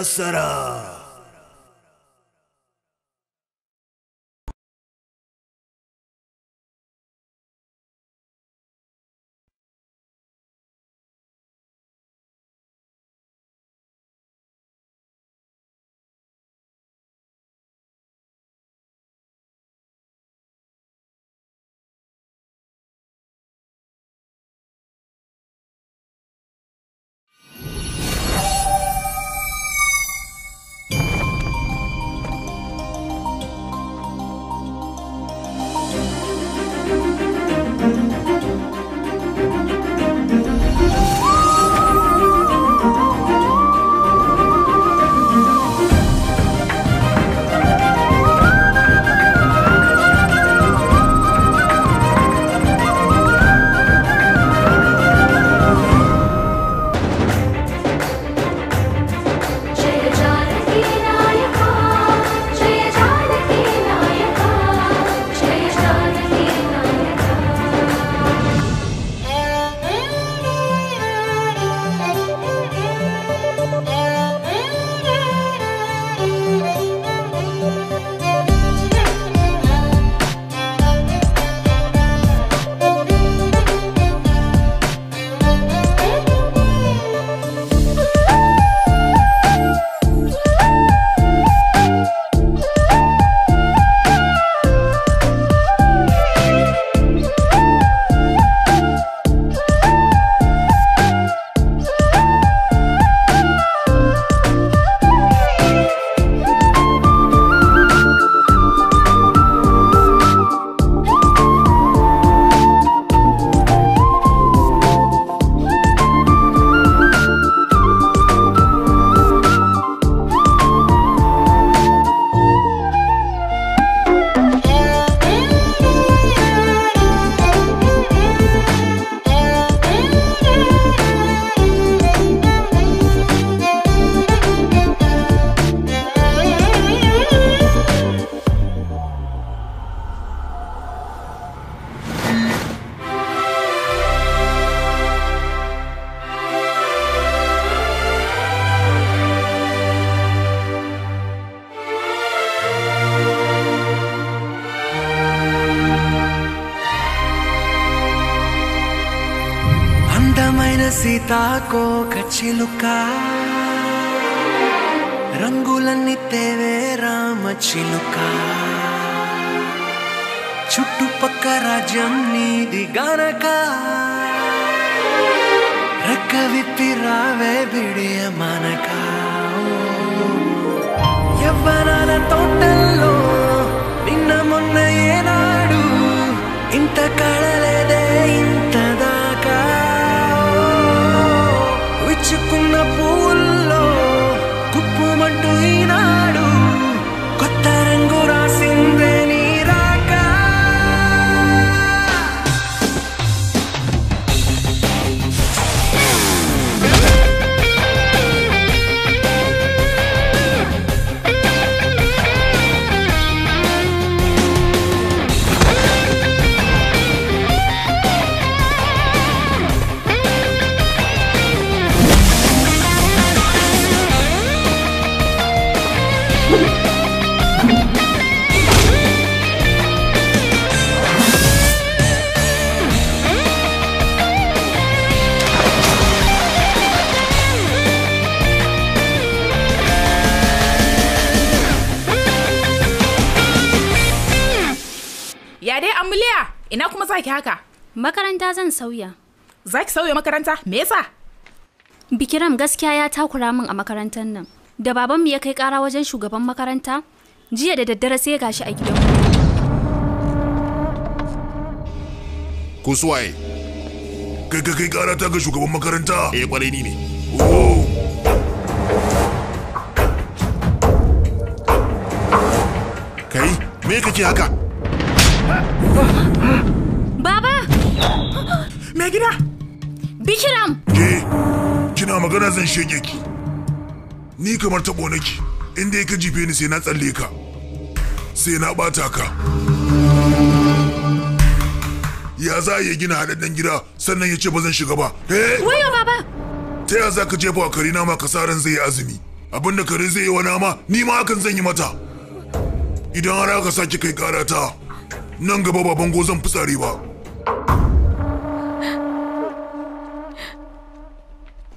passará. lugar. sauya. Za ki sauya makaranta? Me yasa? Bikiram gaskiya ya takura min a makarantar nan. Da babanmu ya kai kara wajen shugaban makaranta, jiya da daddare sai gashi a gidan. Ku Kai kai kai kara ta ga shugaban makaranta? Eh kwarai ni ne. Kai, me kake haka? Me gida? Bikiram! Ke, kina magana zan shege ki. Ni kamar taɓo ki, inda ka jife ni sai na tsalle ka, sai na ɓata ka. Ya za ya gina haɗaɗɗen gida sannan ya ce ba zan shiga ba. Hey! Eh? Wayo baba! Ta ya za ka jefa wa kare nama kasaran zai yi azumi? Abin da kare zai yi wa nama, ni ma hakan zan yi mata. Idan har aka sake kai ƙara ta, nan gaba ba bango zan fitsare ba.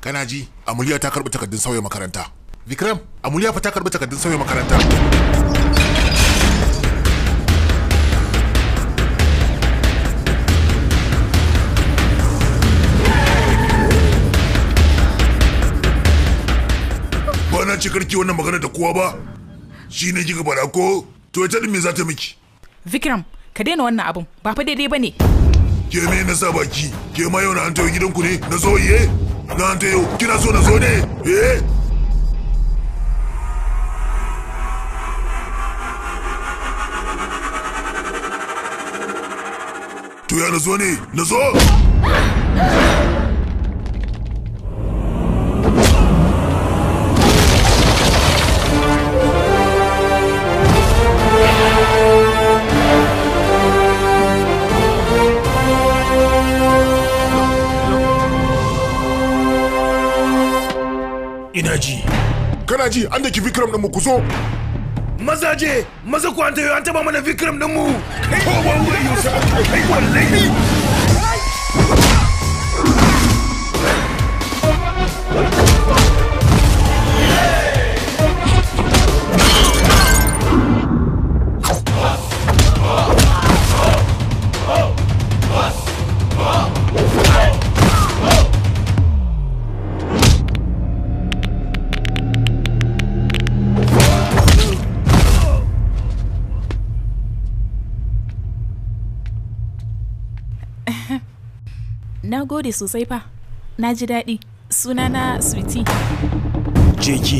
kana ji amuliya ta karbi takardun sauya makaranta vikram amuliya fa ta karbi takardun sauya makaranta bana ci karki wannan magana da kowa ba shi ne kika faɗa ko to ita din me za ta miki vikram ka daina wannan abun ba fa daidai ba ne ke me na sa baki ke ma yau na an tawo gidanku ne na zo iye なんてよ、きなそうな声で、えー ¿Eh? Tu ya nazwani, nazwa! Ah! Ah! ina ji kana ji an daki vikram din mu ku zo maza je maza ku an tayo an taba mana vikram din mu kai wallahi gode sosai fa na ji daɗi sunana sweetie jeki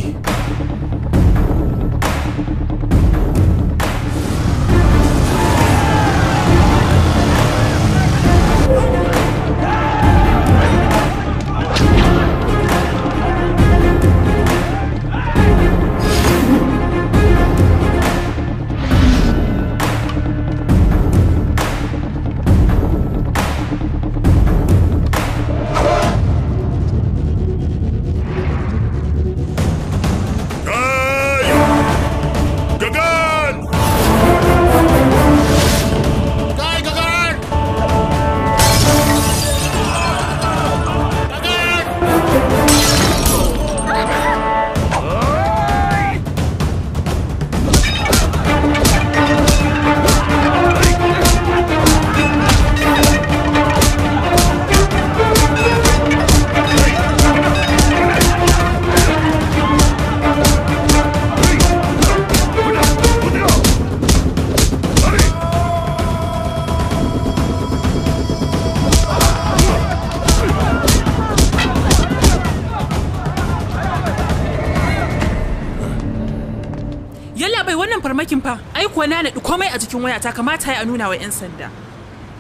cikin wayata kamata ya nuna wa 'yan sanda.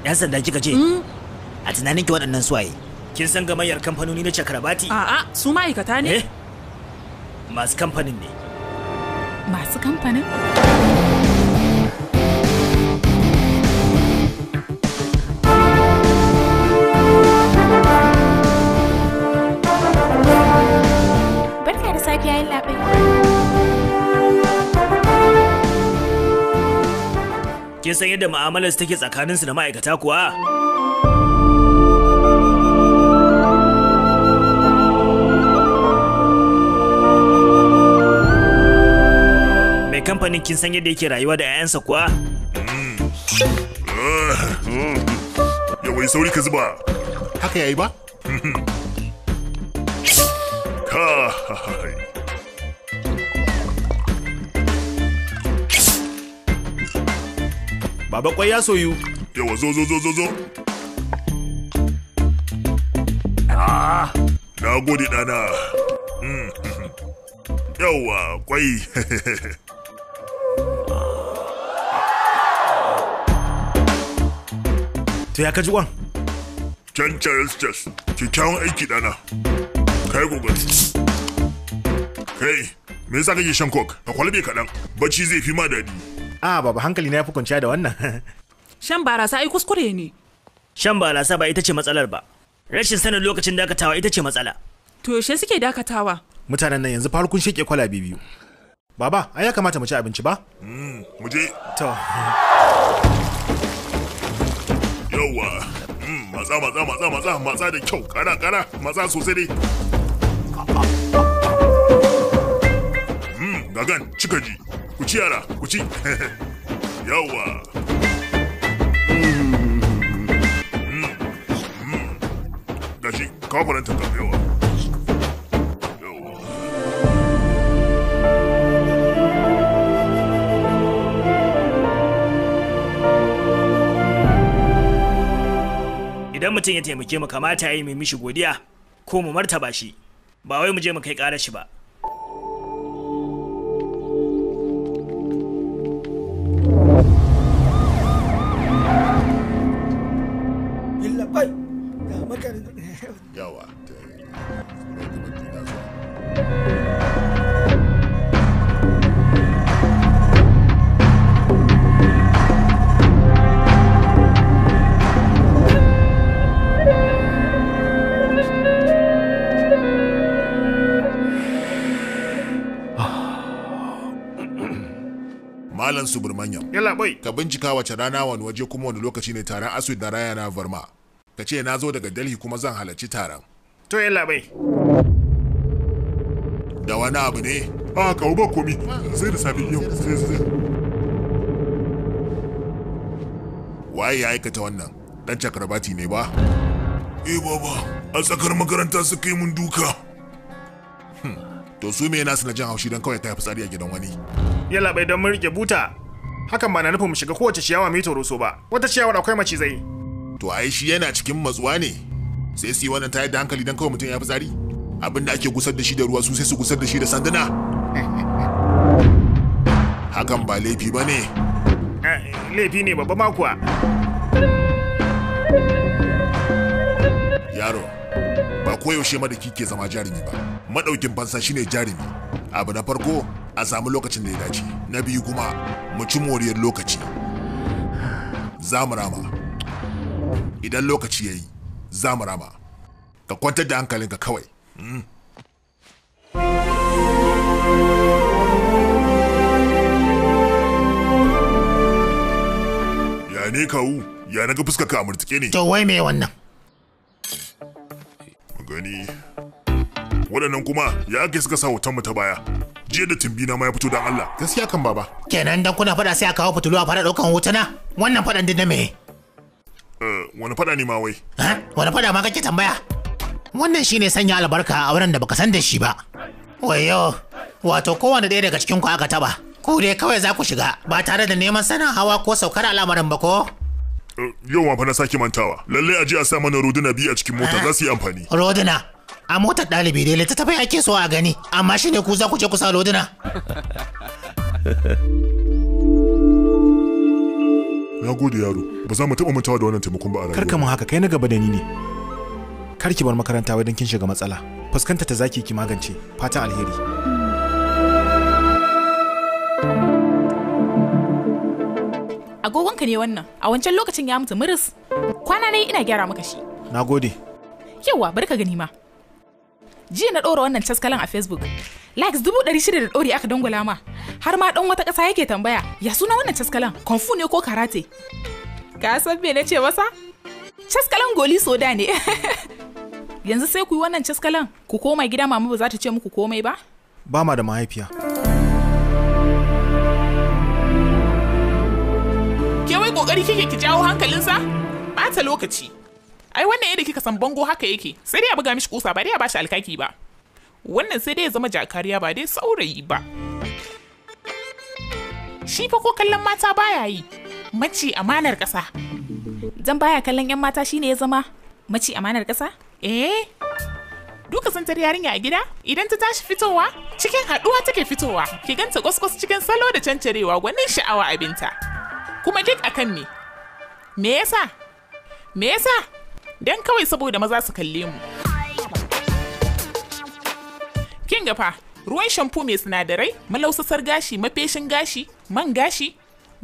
'Yan sanda kika ce? Hmm? A tunanin ki waɗannan suwaye. Kin san gamayyar kamfanoni na Chakrabati? A'a, su ma'aikata ne. Eh? Masu kamfanin ne. Masu kamfanin? ya san yadda mu'amalar su take tsakaninsu da ma'aikata kuwa mai kamfanin kin san yadda yake rayuwa da 'ya'yansa kuwa mm. ah. mm. yawai sauri ka zuba haka yayi ba Baba kwai ya soyu. Yawa zo zo zo zo zo. Ah, na gode ɗana. Hmm, hmm, hmm. Yawa kwai. ta ya kaji kwan? Can Charles ki kyakkyawan aiki ɗana. Kai gogoti. Kai, me yasa kake shan coke? Ka kwalbe kaɗan, bacci zai fi ma daɗi. a baba hankali na ya fi kwanciya da wannan shan barasa ai kuskure ne shan barasa ba ita ce matsalar ba rashin sanin lokacin dakatawa ita ce matsala to yaushe suke dakatawa mutanen nan yanzu farkon sheke kwalabe biyu baba ai ya kamata mu ci abinci ba hmm, mu je to yawa hmm, matsa matsa matsa matsa matsa da kyau kara kara matsa sosai dai gagan cika ji ku ci yara ku ci yawa mm, mm, mm. gashi kawo faranta ka yawa idan mutum ya taimake mu kamata ya yi mai mishi godiya ko mu martaba shi ba wai mu je mu kai ƙarar shi ba kai ga ah. Subramanyam. Yalla bai. Ka bincika wace rana wani waje kuma wani lokaci ne taron Asu da Raya na ka ce na zo daga Delhi kuma zan halarci taron. To yalla bai. Da wani abu ne? A ah, kawo ba komi. Sai da safi yau. zai zai. Waye ya aikata wannan? Dan Chakrabati ne ba? Eh baba, a tsakar makaranta su kai mun duka. Hmm. To su me nasu na jin haushi don kawai ta yi fitsari a gidan wani. Yalla bai don mun rike buta. Hakan ba na nufin mu shiga kowace ciyawa mai toroso ba. Wata ciyawar akwai macizai. to ai shi yana cikin matsuwa ne sai su yi wannan tayar da hankali don kawai mutum ya fi tsari abinda ake gusar da shi da ruwa su sai su gusar da shi da sanduna hakan ba laifi ba ne eh, laifi ne babba makuwa yaro ba koyaushe da ke zama jarumi ba madaukin fansa shine jarumi abu na farko a samu lokacin da ya dace na biyu kuma mu ci moriyar lokaci za mu rama idan lokaci ya yi za mu rama ka kwantar da hankalinka kawai mm. ya ne kawu ya na ga fuskar ka ne to wai me wannan gani waɗannan kuma ya ake suka sa hoton mu ta baya jiya da tumbina ma ya fito don Allah gaskiya kan baba kenan dan kuna fada sai a kawo fitulu a fara daukan hotuna wannan fadan din na me Eh, wani fada ne ma wai? Wani fada ma kake tambaya? Wannan shi ne sanya albarka a wurin da baka san da shi ba. Wayo, wato kowane ɗaya daga cikin ku aka taba. Ku dai kawai za ku shiga ba tare da neman sanin hawa ko saukar al'amarin ba ko? Eh, yau ma fa na sake mantawa. Lallai a je a sa mana roduna biyu a cikin mota za su yi amfani. Roduna? A motar ɗalibi dai littattafai ake so a gani, amma shine ku za ku je ku sa roduna. Na gode yaro. ba za mu taɓa mutawa da wannan taimakon ba a rayuwa karka mun haka kai na gaba da ni ne kar ki bar makaranta wai don kin shiga matsala fuskanta ta zaki ki magance fatan alheri agogonka ne wannan a wancan lokacin ya mutu muris kwana ne ina gyara maka shi na gode yawa bari ka gani ma jiya na ɗora wannan caskalan a facebook likes dubu ɗari shida da ɗori aka dangwala ma har ma ɗan wata ƙasa yake tambaya ya suna wannan caskalan konfu ne ko karate Ka san me nace masa? Caskalan goli soda ne. Yanzu sai ku yi wannan caskalan, ku koma gida mama ba za ta ce muku komai ba? Ba ma da mahaifiya. Ke wai kokari kike ki jawo hankalinsa? Bata lokaci. Ai wannan yadda kika san bango haka yake, sai dai a buga mishi kusa ba dai a bashi alkaki ba. Wannan sai dai ya zama jakariya ba dai saurayi ba. Shi fa ko kallon mata baya yi. mace amanar ƙasa. Zan baya kallon 'yan mata shine ya zama mace amanar ƙasa? Eh? duka santar yarinya a gida idan ta tashi fitowa cikin haɗuwa take fitowa ki ganta kwaskwas cikin salo da cancarewa gwanin sha'awa abinta kuma duk akan me me yasa me yasa dan kawai saboda maza su kalle mu kin ga fa ruwan shampo mai sinadarai malausasar gashi mafeshin gashi man gashi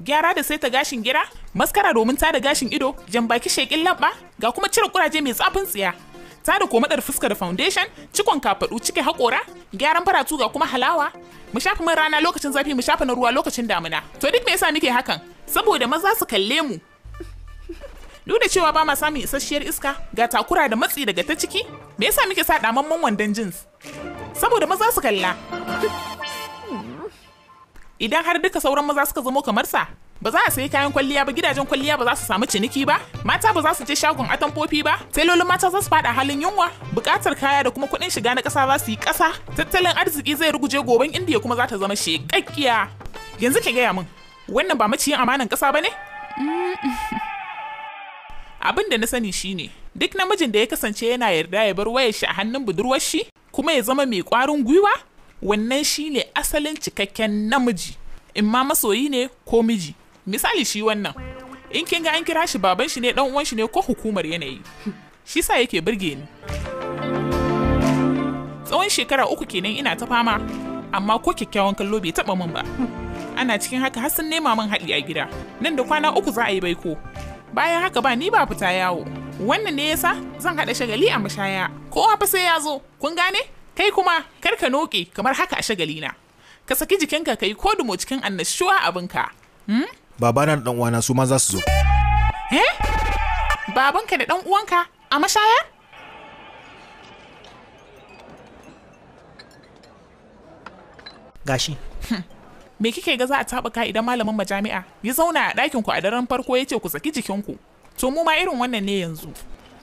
gyara da saita gashin gira maskara domin tada gashin ido jan baki shekin lamba ga kuma cire kuraje mai tsafin tsiya tada komadar fuska da foundation cikon kafaɗu cike haƙora gyaran faratu ga kuma halawa mu shafa man rana lokacin zafi mu shafa na ruwa lokacin damina to duk me yasa muke hakan saboda maza su kalle mu duk da cewa ba ma samun isasshiyar iska ga takura da matsi daga ta ciki me yasa muke sa damamman wandon jeans saboda maza su kalla idan har duka sauran maza suka zamo kamar sa ba za a sayi kayan kwalliya ba gidajen kwalliya ba za su samu ciniki ba mata ba za su je shagon atamfofi ba sailolin mata za su fada halin yunwa bukatar kaya da kuma kuɗin shiga na ƙasa za su yi ƙasa tattalin arziki zai ruguje goben indiya kuma za ta zama shekakkiya yanzu ki gaya min wannan ba maciyin amanan ƙasa ba ne abin da na sani shine duk namijin da ya kasance yana yarda ya bar wayar shi a hannun budurwar shi kuma ya zama mai ƙwarin gwiwa wannan shine asalin cikakken namiji in ma masoyi ne ko miji misali shi wannan in kin ga an kira shi baban shi ne dan uwan shi ne ko hukumar yanayi shi sa yake burge ni tsawon shekara uku kenan ina ta fama amma ko kyakkyawan kallo bai taba min ba ana cikin haka har sun nema min haɗi a gida nan da kwana uku za a yi baiko bayan haka ba ni ba fita yawo wannan ne yasa zan haɗa shagali a mashaya kowa fa sai ya zo kun gane kai kuma kar ka noke kamar haka a shagali na ka saki jikinka ka yi kodumo cikin annashuwa abinka hmm? baba na da uwana su ma za su zo eh babanka da ɗan uwanka a mashaya gashi hmm. me kike ga za a ka idan malamin majami'a ya zauna a ɗakin ku a daren farko ya ce ku saki jikinku to mu ma irin wannan ne yanzu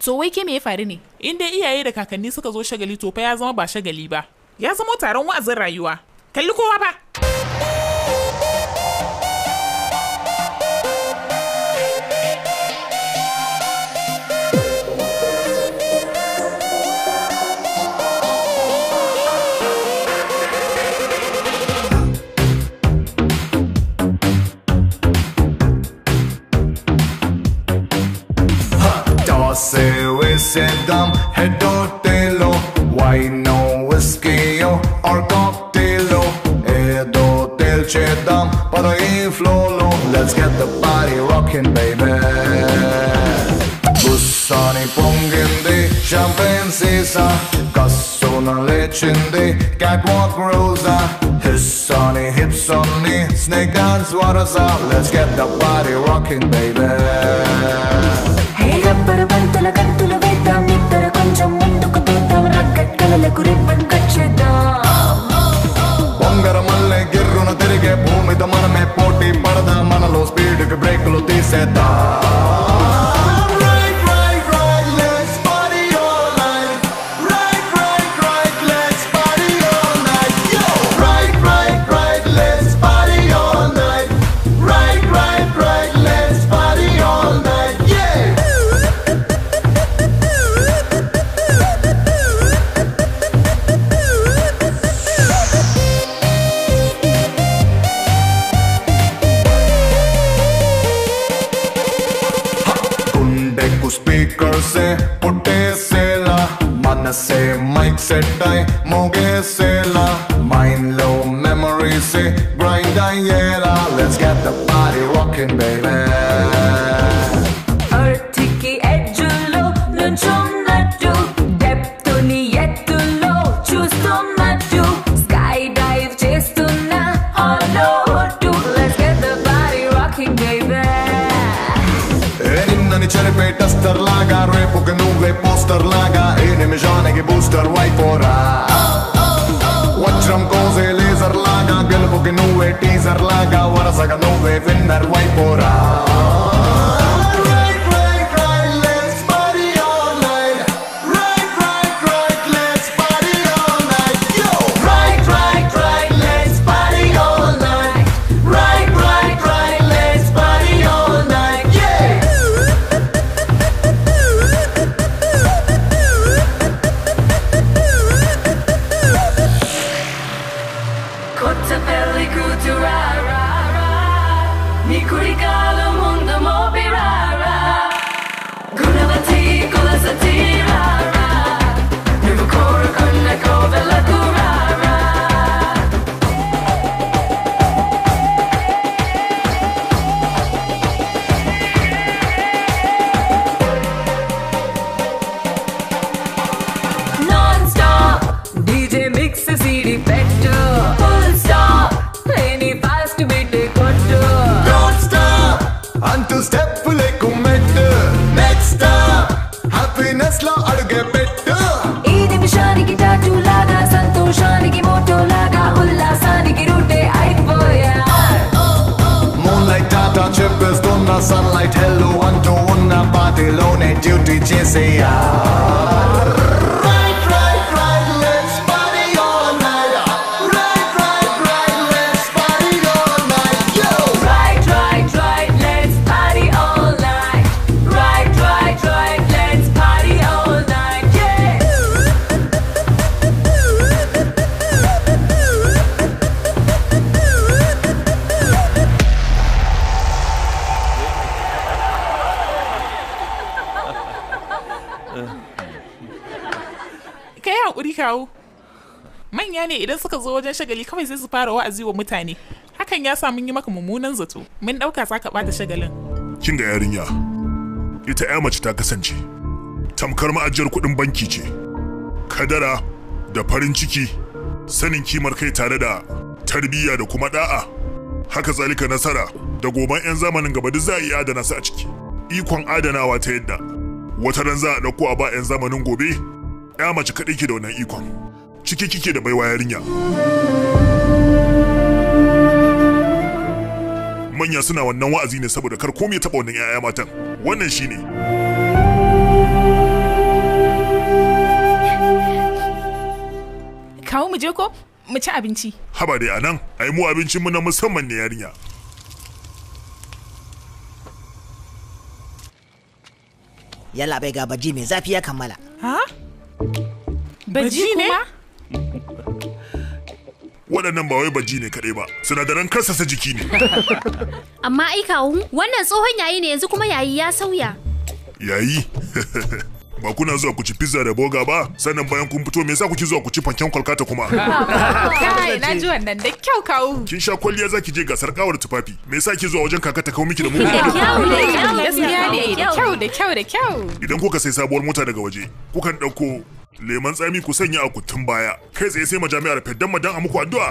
to wai ke me ya faru ne in dai iyaye da kakanni suka zo shagali to fa ya zama ba shagali ba ya zama taron wa'azin rayuwa kalli kowa ba paseły się dam He do tylu, wino, whisky'o or cocktail'o E do tylcie dam, para i flolo Let's get the party rockin' baby Bussani pongindi, champagne sisa Kassuna lechindi, catwalk rosa Hiss on hips on me, snake dance, what us Let's get the party rockin' baby rubber బంతుల గంతులు వేద్దాం ఇద్దర కొంచెం ముందుకు దూద్దాం రగ్గట్ కలలకు ribbon cut చేద్దాం బొంగర మల్లె గిర్రున తిరిగే భూమితో మనమే పోటీ పడదాం మనలో స్పీడ్కి బ్రేకులు తీసేద్దాం wa'azi wa mutane hakan ya sa mun yi maka mummunan zato mun ɗauka za ka bata shagalin kin ga yarinya ita ya mace ta kasance tamkar ma'ajiyar kuɗin banki ce kadara da farin ciki sanin kimar kai tare da tarbiyya da kuma da'a haka zalika nasara da goban 'yan zamanin gaba duk za a yi adana su a ciki ikon adanawa ta yadda wata ran za a ɗauko a ba 'yan zamanin gobe ya mace kaɗai ke da wannan ikon ciki kike da baiwa yarinya. manya suna wannan wa'azi ne saboda kar komai taɓa wannan 'ya'ya matan wannan shine kawo mu je ko mu ci abinci haba dai anan ai mu abincin mu na musamman ne yarinya yalla bai ga baji mai zafi ya kammala ha baji, ne waɗannan ba wai baji ne kaɗai ba sinadaran kassasa jiki ne amma ai kawu wannan tsohon yayi ne yanzu kuma yayi ya sauya yayi ba kuna zuwa ku ci pizza da boga ba sannan bayan kun fito me yasa kuke zuwa ku ci fanken kolkata kuma kai na ji wannan da kyau kawu? kin sha kwalliya zaki je gasar kawar tufafi me yasa ki zuwa wajen kaka ta kawo miki da mu kyau da kyau da kyau da kyau idan kuka sai sabuwar mota daga waje kukan dauko leman tsami ku sanya a kutun baya kai tsaye sai majami'ar feddan madan a muku addu'a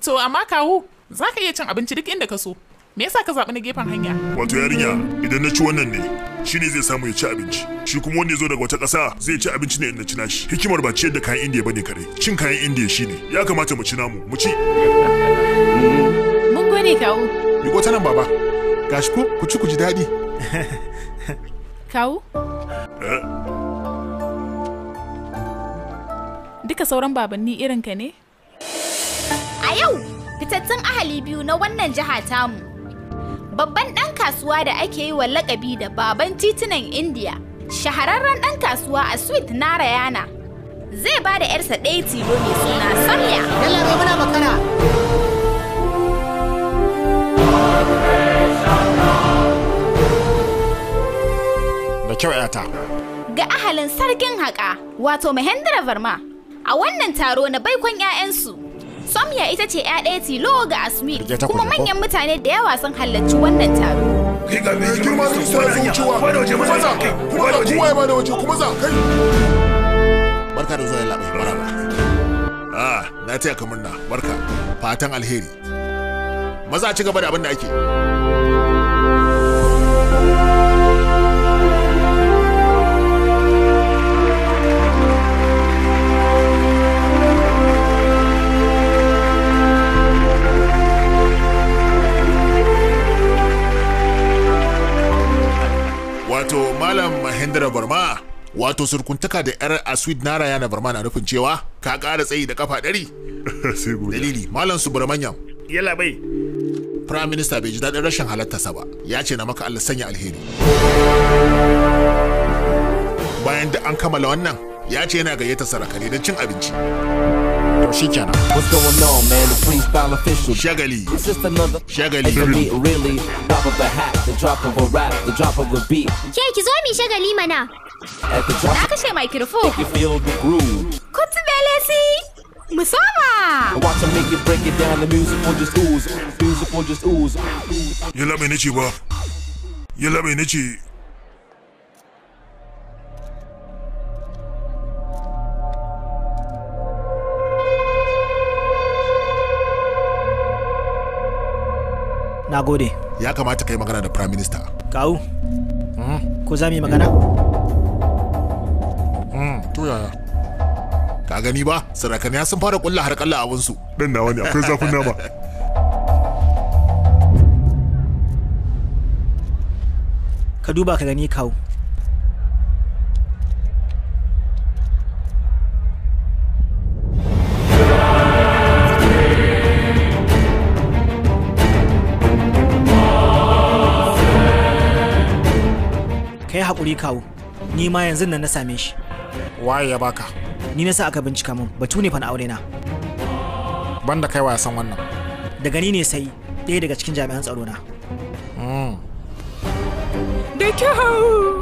to amma kawo za ka iya cin abinci duk inda ka so me yasa ka zaɓi na gefen hanya wato yarinya idan na ci wannan ne shi ne zai samu ya ci abinci shi kuma wanda ya zo daga wata ƙasa zai ci abinci ne inda cina shi. hikimar ba ciyar da kayan indiya bane kare cin kayan indiya shine ya kamata mu ci namu mu ci mun gode kawo miko ta nan baba gashi ku ku ci ku ji daɗi kawu? Eh? Duka sauran babanni irinka ne? A yau, fitattun ahali biyu na wannan jiha tamu. Babban ɗan kasuwa da ake yi wa lakabi da baban titunan Indiya, shahararren ɗan kasuwa a Sweet na Rayana. Zai ba da ‘yarsa ɗaya tilo mai suna Samya. Yalla muna makara. kyau yata. Ga ahalin sarkin haƙa wato Mahendra Verma a wannan taro na baikon 'ya'yansu. Somya ita ce 'ya ɗaya tilo ga Asmi kuma manyan mutane da yawa sun halarci wannan taro. kuma za kuma waje kuma Barka da zuwa labai maraba. Ah, na taya ka murna barka fatan alheri. Maza ci gaba da abin da ake. wato malam mahindra barma wato surkuntaka da yar aswid na yana barma na nufin cewa ka kara tsayi da kafa ɗari dalili malam subramanyam yalla bai prime minister bai ji daɗin rashin halartarsa ba ya ce na maka allah sanya alheri bayan da an kammala wannan ya ce yana gayyatar sarakane don cin abinci Shijana. What's going on, man? The freestyle official. Shagali. It's just another Shagali. Beat, really, drop of a hat, the drop of a rap, the drop of a beat. Ke ki zo mi shagali mana. At the drop. Na kashe microphone. If you feel the groove. Kutubelesi. Musama! Watch them make it break it down. The music will just ooze. Music will just ooze. You love me, Nichiwa. You love me, Nichi. na gode ya kamata ka yi magana da prime minister kawu mm, ko za mu yi magana mm, to yaya ka gani ba sarakan ya sun fara kulla har kalla abinsu dan nawa ne akwai zafin nama ka duba ka gani kawu ka hakuri haƙuri kawo ni ma yanzu nan na same shi waye ya baka ni na sa aka bincika min batu ne fa na aure na banda kai waya san wannan da gani ne sai ɗaya daga cikin jami'an tsaro na hmm. da kyau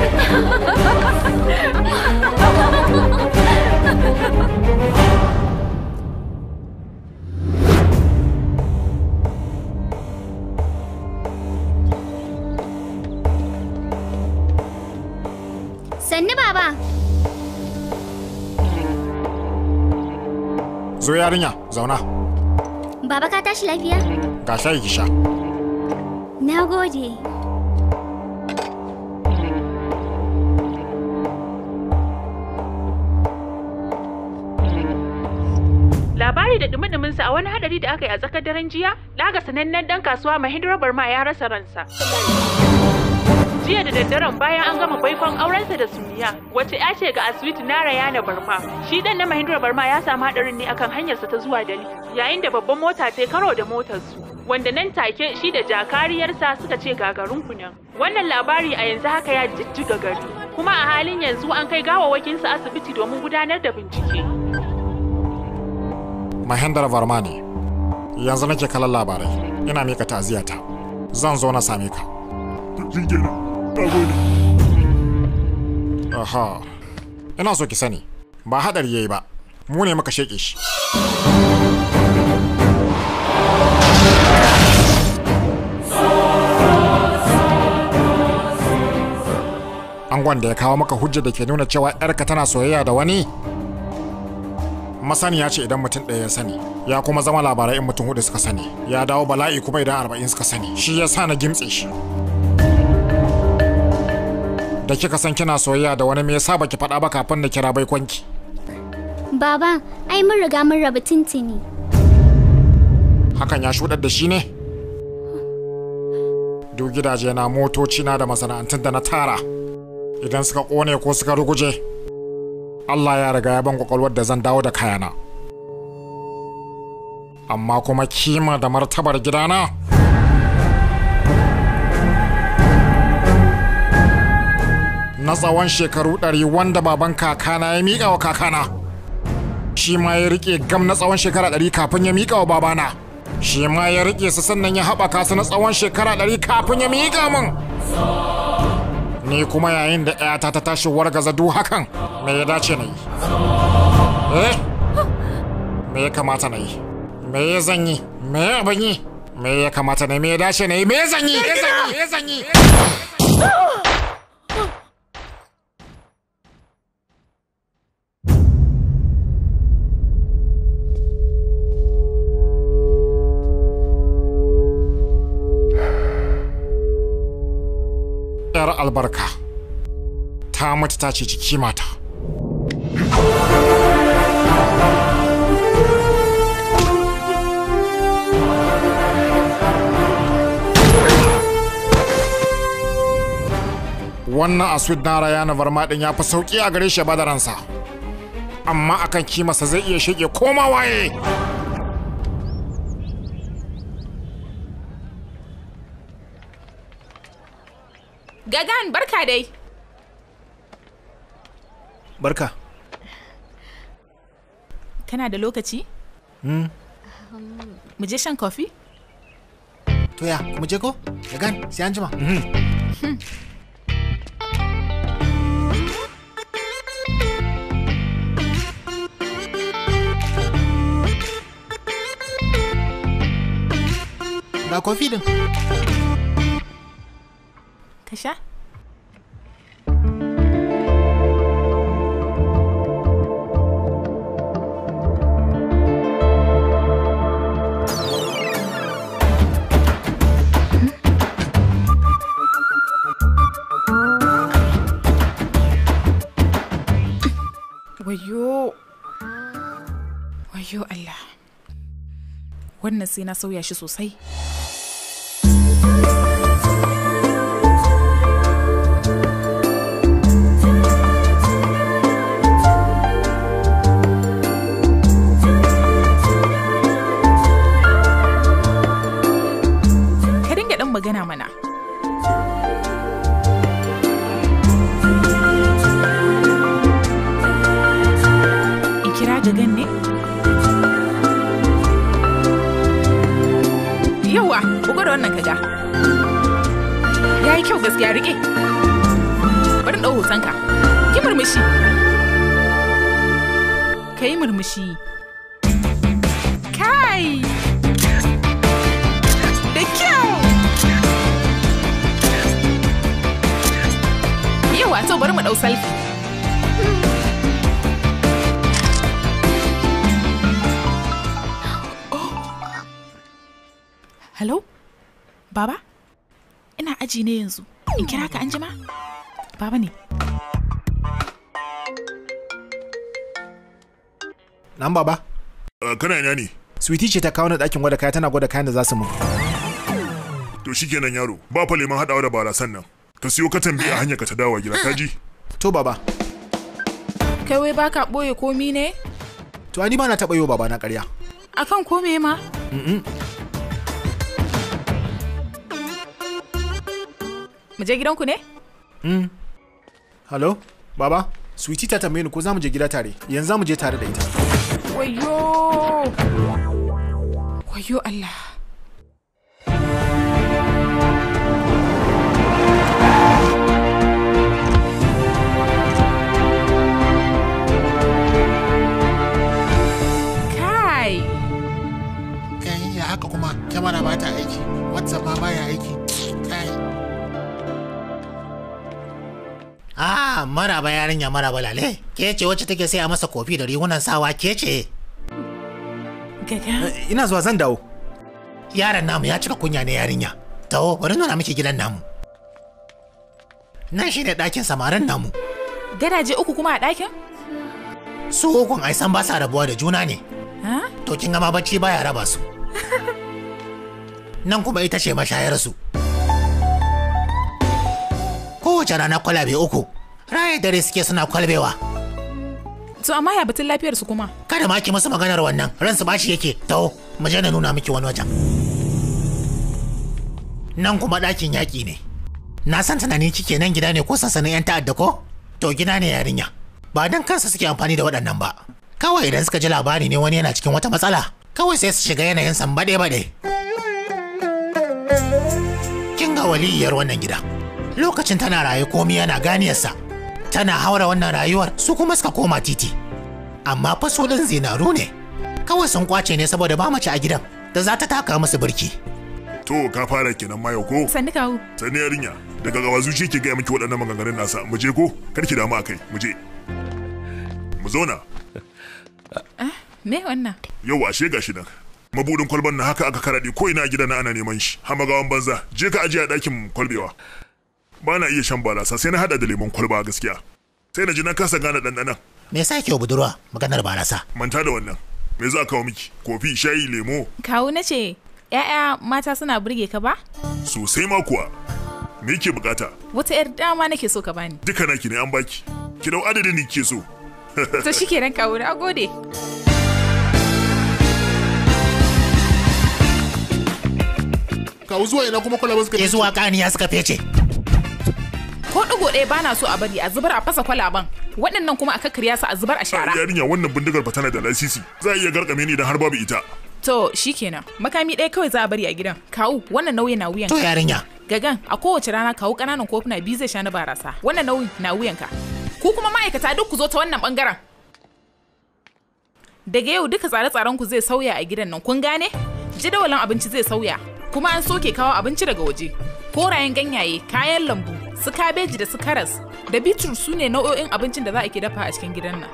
Ha ha ha ha ha! sannu baba zo yarinya zauna baba ka tashi lafiya ga shayi ki sha na gode labari da dumi sa a wani hadari da aka yi a tsakar daren jiya ɗaga sanannen ɗan kasuwa mahindra barma ya rasa ransa jiya da daddaren bayan an gama baikon aurensa da sumiya wace ya ce ga asibiti na rayana barma shi dan na mahindra barma ya samu hadarin ne akan hanyarsa ta zuwa dali yayin da babban mota ta karo da motar su wanda nan take shi da jakariyarsa suka ce gagarun kunan wannan labari a yanzu haka ya jijjiga gari kuma a halin yanzu an kai gawawakinsa asibiti domin gudanar da bincike mahindra barma ne yanzu nake kallon labarai ina mika ta'aziyata zan zo na same ka. Bawul. Aha. Ina so ki sani, ba hadari yayi ba. Mu ne maka sheke shi. Angon da ya kawo maka hujja da ke nuna cewa 'yarka tana soyayya da wani masani ya ce idan mutum ɗaya ya sani ya kuma zama labarai in mutum hudu suka sani ya dawo bala'i kuma idan arba'in suka sani shi ya sa na gimtse shi da kika san kina soyayya da wani me yasa baki faɗa ba kafin na kira baikonki baba ai mun riga mun rabu tintini hakan ya shudar da shi ne duk gidaje na motoci na da masana'antun da na tara idan suka kone ko suka ruguje Allah ya riga ya ban kwakwalwar da zan dawo da kayana amma kuma kima da martabar gidana na tsawon shekaru ɗari wanda baban kakana ya miƙa wa kakana shi ma ya riƙe gam na tsawon shekara ɗari kafin ya miƙa wa babana shi ma ya riƙe su sannan ya haɓaka su na tsawon shekara ɗari kafin ya miƙa min ni kuma yayin da ‘yata ta tashi wargaza du hakan me ya dace na yi eh me ya kamata na yi me ya zan yi me ya abin yi me ya kamata na yi me ya dace na yi me ya zan yi me ya zan yi me ya zan yi madara albarka ta mutu ta ce jiki mata wannan aswid na rayana varma din ya fi sauki a gare shi badaransa amma akan kimarsa zai iya shige koma waye Gagan, barka dai. Barka. Kana da lokaci? Mm. Mu je shan kofi? To ya, mu je ko? Gagan, sai an jima. Ga hmm. kofi din. ka wayo wayo Allah wannan sai na sauya shi sosai magana mana. Ikira ga gan ne? Yawa, bugu da wannan kaga. Ya yi kyau gaskiya rike. Bari ɗau hotonka. Ki murmushi. Ka yi murmushi. bari mu ɗau selfie. Hello? Baba? Ina aji ne yanzu. In kira ka anjima? Baba ne. Nan baba. Eh, kana ina ne? Sweetie ce ta kawo na ɗakin gwada kaya tana gwada kayan da za su mu. To shikenan yaro, ba fa leman haɗawa da barasan nan. ka siyo ka tambaye a hanyar ka ta dawo gida ka ji to baba kai wai baka boye komi ne to ani ba na taba yo baba na ƙarya akan ko me ma mu je gidanku ne mm hello baba Sweetie ta tambaye ni ko za mu je gida tare yanzu za mu je tare da ita wayo wayo Allah kamara ba ta aiki whatsapp ma baya aiki kai ah maraba yarinya maraba lale ke ce wacce take sai a masa kofi da rigunan sawa ke ce eh, ina zuwa zan dawo yaran namu ya cika kunya ne yarinya tawo bari nuna miki gidan namu nan shi ne ɗakin samaran namu gadaje uku kuma a ɗakin su hukun ai san ba sa rabuwa da juna ne to kin gama bacci baya raba su nan kuma ita ce mashayar mashayarsu. Kowace rana kwalabe uku, raye dare suke suna kwalbewa. To amma ya batun lafiyarsu kuma? Kada ma ki musu maganar wannan, ran su bashi yake, taho, mu je na nuna miki wani wajen. Nan kuma ɗakin yaƙi ne. Na san tunanin kike nan gida ne ko sansanin 'yan ta'adda ko? To gida ne yarinya. Ba dan kansa suke amfani da waɗannan ba. Kawai idan suka ji labari ne wani yana cikin wata matsala, kawai sai su shiga yanayin sambaɗe-baɗe. Kin ga waliyar wannan gida. Lokacin tana raye komi yana ganiyarsa. Tana haura wannan rayuwar su kuma suka koma titi. Amma fa su zinaru ne. Kawai sun kwace ne saboda ba mace a gidan da za ta taka musu birki. To ka fara kenan mayo ko? Sani kawo. Sani yarinya daga gawa zuci ki gaya miki waɗannan maganganun nasa mu je ko kar ki damu akai mu je. Mu zauna. Ah, me wannan? Yau ashe gashi nan. mabudin kwalban na haka aka karaɗe ko ina gidana ana neman shi hamagawan banza je ka ajiye a ɗakin kwalbewa ba na iya shan barasa sai na haɗa da lemon kwalba gaskiya sai na ji na kasa gane ɗanɗanon me yasa kyau budurwa maganar barasa manta da wannan me za kawo miki kofi shayi lemo kawo na ce ‘ya'ya mata suna burge ka ba sosai ma kuwa me ke bukata wata ‘yar dama nake so ka bani duka naki ne an baki ki dau adadin da ke so to shikenan kawo na gode ka zuwa ina kuma kwalaban suka fece zuwa kaniya suka fece ko ɗigo ɗaya bana so a bari a zubar a fasa kwalaban waɗannan kuma a kakkarya su a zubar a shara yarinya wannan bindigar ba tana da lasisi za a iya garkame ni idan har babu ita To shi kenan makami ɗaya kawai za a bari a gidan kawu wannan nauyi na wuyan. To yarinya. Gagan a kowace rana kawu ƙananan kofuna biyu zai sha na barasa wannan nauyi na wuyanka. Ku kuma ma'aikata duk ku zo ta wannan ɓangaren. Daga yau duka tsare-tsaren ku zai sauya a gidan nan kun gane? Jadawalin abinci zai sauya kuma an soke kawo abinci daga waje korayen ganyaye kayan lambu su kabeji da su karas da bitrus su ne nau'o'in abincin da za a ke dafa a cikin gidan nan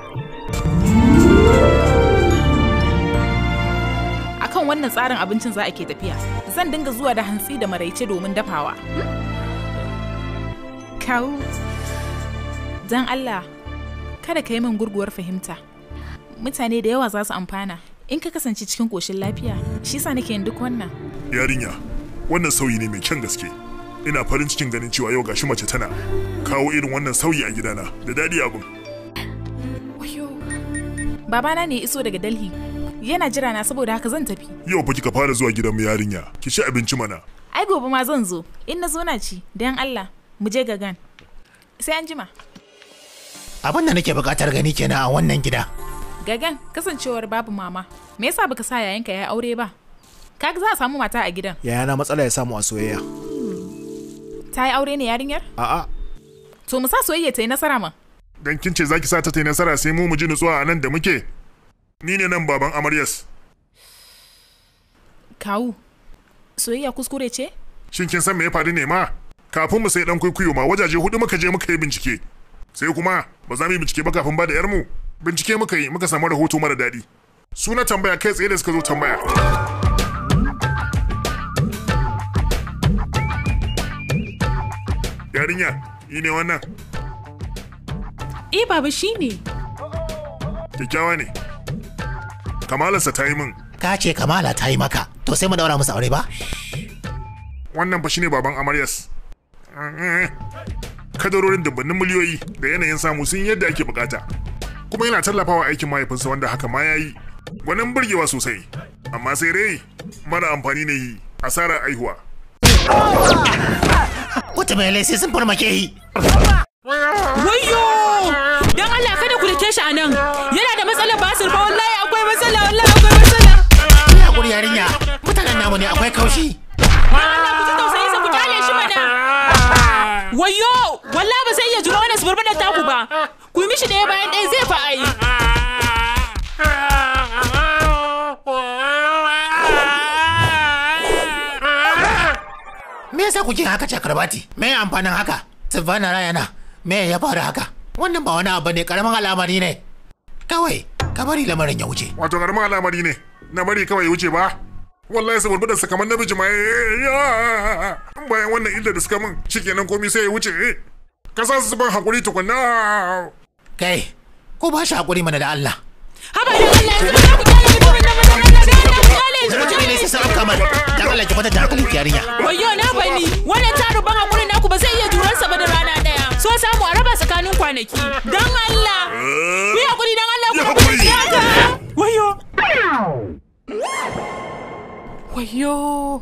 akan wannan tsarin abincin za a ke tafiya zan dinga zuwa da hantsi da maraice domin dafawa kawu. don allah kada ka yi min gurguwar fahimta mutane da yawa za su amfana in ka kasance cikin ƙoshin lafiya shi sa nake yin duk wannan yarinya wannan sauyi ne mai kyan gaske ina farin cikin ganin cewa yau gashi mace tana kawo irin wannan sauyi a gidana da daɗi abin babana ne iso daga dalhi yana jira na saboda haka zan tafi yau fa kika fara zuwa gidan mu yarinya ki ci abinci mana ai gobe ma zan zo in na zo na ci dan Allah mu je gan sai an jima abin da nake bukatar gani kenan a wannan gida Gagan, kasancewar babu mama, me yasa baka sa yayanka ya aure ba? Kaga za a samu mata a gidan. Yayana matsala ya samu a soyayya. Ta yi aure ne yarinyar? A'a. To mu sa soyayya ta yi nasara ma. Dan kin ce ki sa ta ta yi nasara sai mu mu ji nutsuwa a nan da muke. Ni ne nan baban Amaryas. Kawu, soyayya kuskure ce? Shin kin san me ya faru ne ma? Kafin mu sai dan kuikuyo ma wajaje hudu muka je muka yi bincike. Sai kuma ba za mu yi bincike ba kafin ba da 'yarmu. bincike muka yi muka samu rahoto mara daɗi suna tambaya kai tsaye da suka zo tambaya yarinya yi ne wannan eh baba shi ne kyakkyawa ne kamalarsa ta yi min ka ce kamala ta yi maka to sai mu daura musu aure ba wannan shi shine baban amaryas kadarorin dubbannin miliyoyi da yanayin samu sun yadda ake bukata kuma yana tallafawa aikin mahaifinsa wanda haka ma ya yi gwanin burgewa sosai amma sai rai mara amfani ne yi asara aihuwa wata mai sai sun farmake yi wayo don allah kada ku dake shi anan yana da matsalar basir ba wallahi akwai matsala wallahi akwai matsala ina guri yarinya mutanen namu ne akwai kaushi Allah ku ji sa ku kyale shi mana wayo walla ba sai ya jura wannan suburbunan taku ba ku yi mishi ɗaya bayan ɗaya zai fa ayi me yasa kuke haka chakarbati me amfanin haka silvana rayana me ya faru haka wannan ba wani abu ne karamin al'amari ne kawai ka bari lamarin ya wuce wato karamin al'amari ne na bari kawai ya wuce ba wallahi saboda badan sa kamar namiji ma eh, eh, bayan wannan illa da suka min shikenan komai sai ya wuce ka sa su ban hakuri tukunna kai ko ba shi hakuri mana da Allah haba da Allah da kwata da hankali yarinya. Wayo na wannan tarin ban hakuri naku ba zai iya jurarsa ba da rana daya. So samu a raba tsakanin kwanaki. Dan Allah. Ku hakuri dan Allah ku hakuri. Wayo. wayo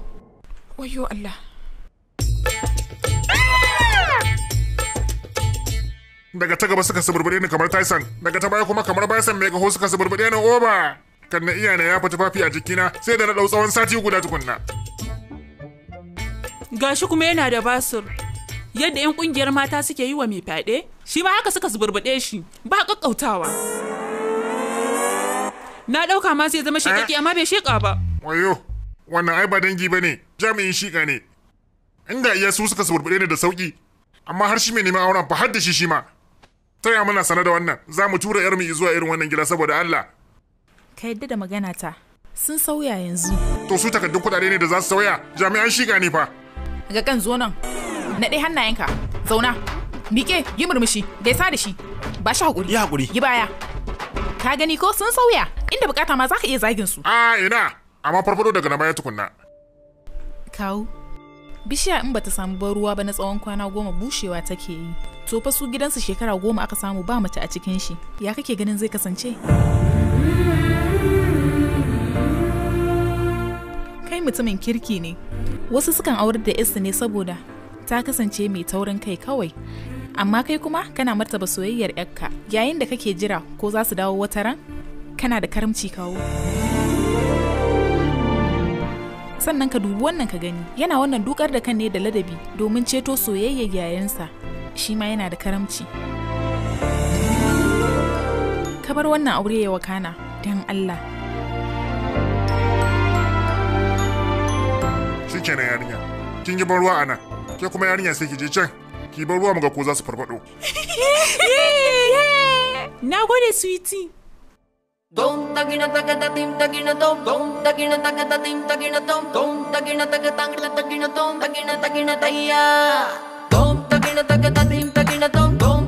wayo Allah daga ta gaba suka suburbure ni kamar Tyson daga ta baya kuma kamar Bison mai gaho suka suburbure ni oba kan na iya na ya fita fafi a jikina sai da na dau tsawon sati guda tukunna gashi kuma yana da basir yadda 'yan kungiyar mata suke yi wa mai fyaɗe shi ma haka suka suburbuɗe shi ba kakkautawa na ɗauka ma sai zama shekaki eh? amma bai sheka ba wayo wannan ai ba dangi ba ne jami'in shiƙa ne inda iya su suka su ni da sauƙi amma har shi mai neman auren fa har da shi shi ma ta ya muna sana da wannan za mu tura yarmu zuwa irin wannan gida saboda Allah ka yadda da magana ta sun sauya yanzu to su takardun kuɗaɗe ne da za su sauya jami'an shiƙa ne fa ga kan zo nan naɗe hannayenka zauna miƙe yi murmushi gaisa da shi ba shi haƙuri yi haƙuri yi baya ka gani ko sun sauya inda bukata ma za ka iya zagin su a ah, ina amma farfado daga na baya tukunna. Kawu, bishiya in bata samu ban ruwa ba na tsawon kwana goma bushewa take yi. To fa su gidansu shekara goma aka samu ba mace a cikin shi. Ya kake ganin zai kasance? Kai mutumin kirki ne. Wasu sukan aurar da yarsu ne saboda ta kasance mai taurin kai kawai. Amma kai kuma kana martaba soyayyar 'yarka yayin da kake jira ko za su dawo wata ran? Kana da karamci kawo. sannan ka dubi wannan ka gani yana wannan dukar da kan ne da ladabi domin ceto soyayyar yayansa shi ma yana da karamci ka bar wannan aure ya wakana don Allah shi kenan yarinya kin yi ruwa a nan ke kuma yarinya sai ki je can ki bar ruwa mu ga ko za su farfado na gode sweetie தோம் தகிண தக தீம் தகிண தோம் தோம் தகிண தக தீம் தகிண தோம் தோம் தகிண தக தங்கில தகிண தோம் தகிண தகிண தையா தோம் தகிண தக தீம் தகிண தோம் தோம்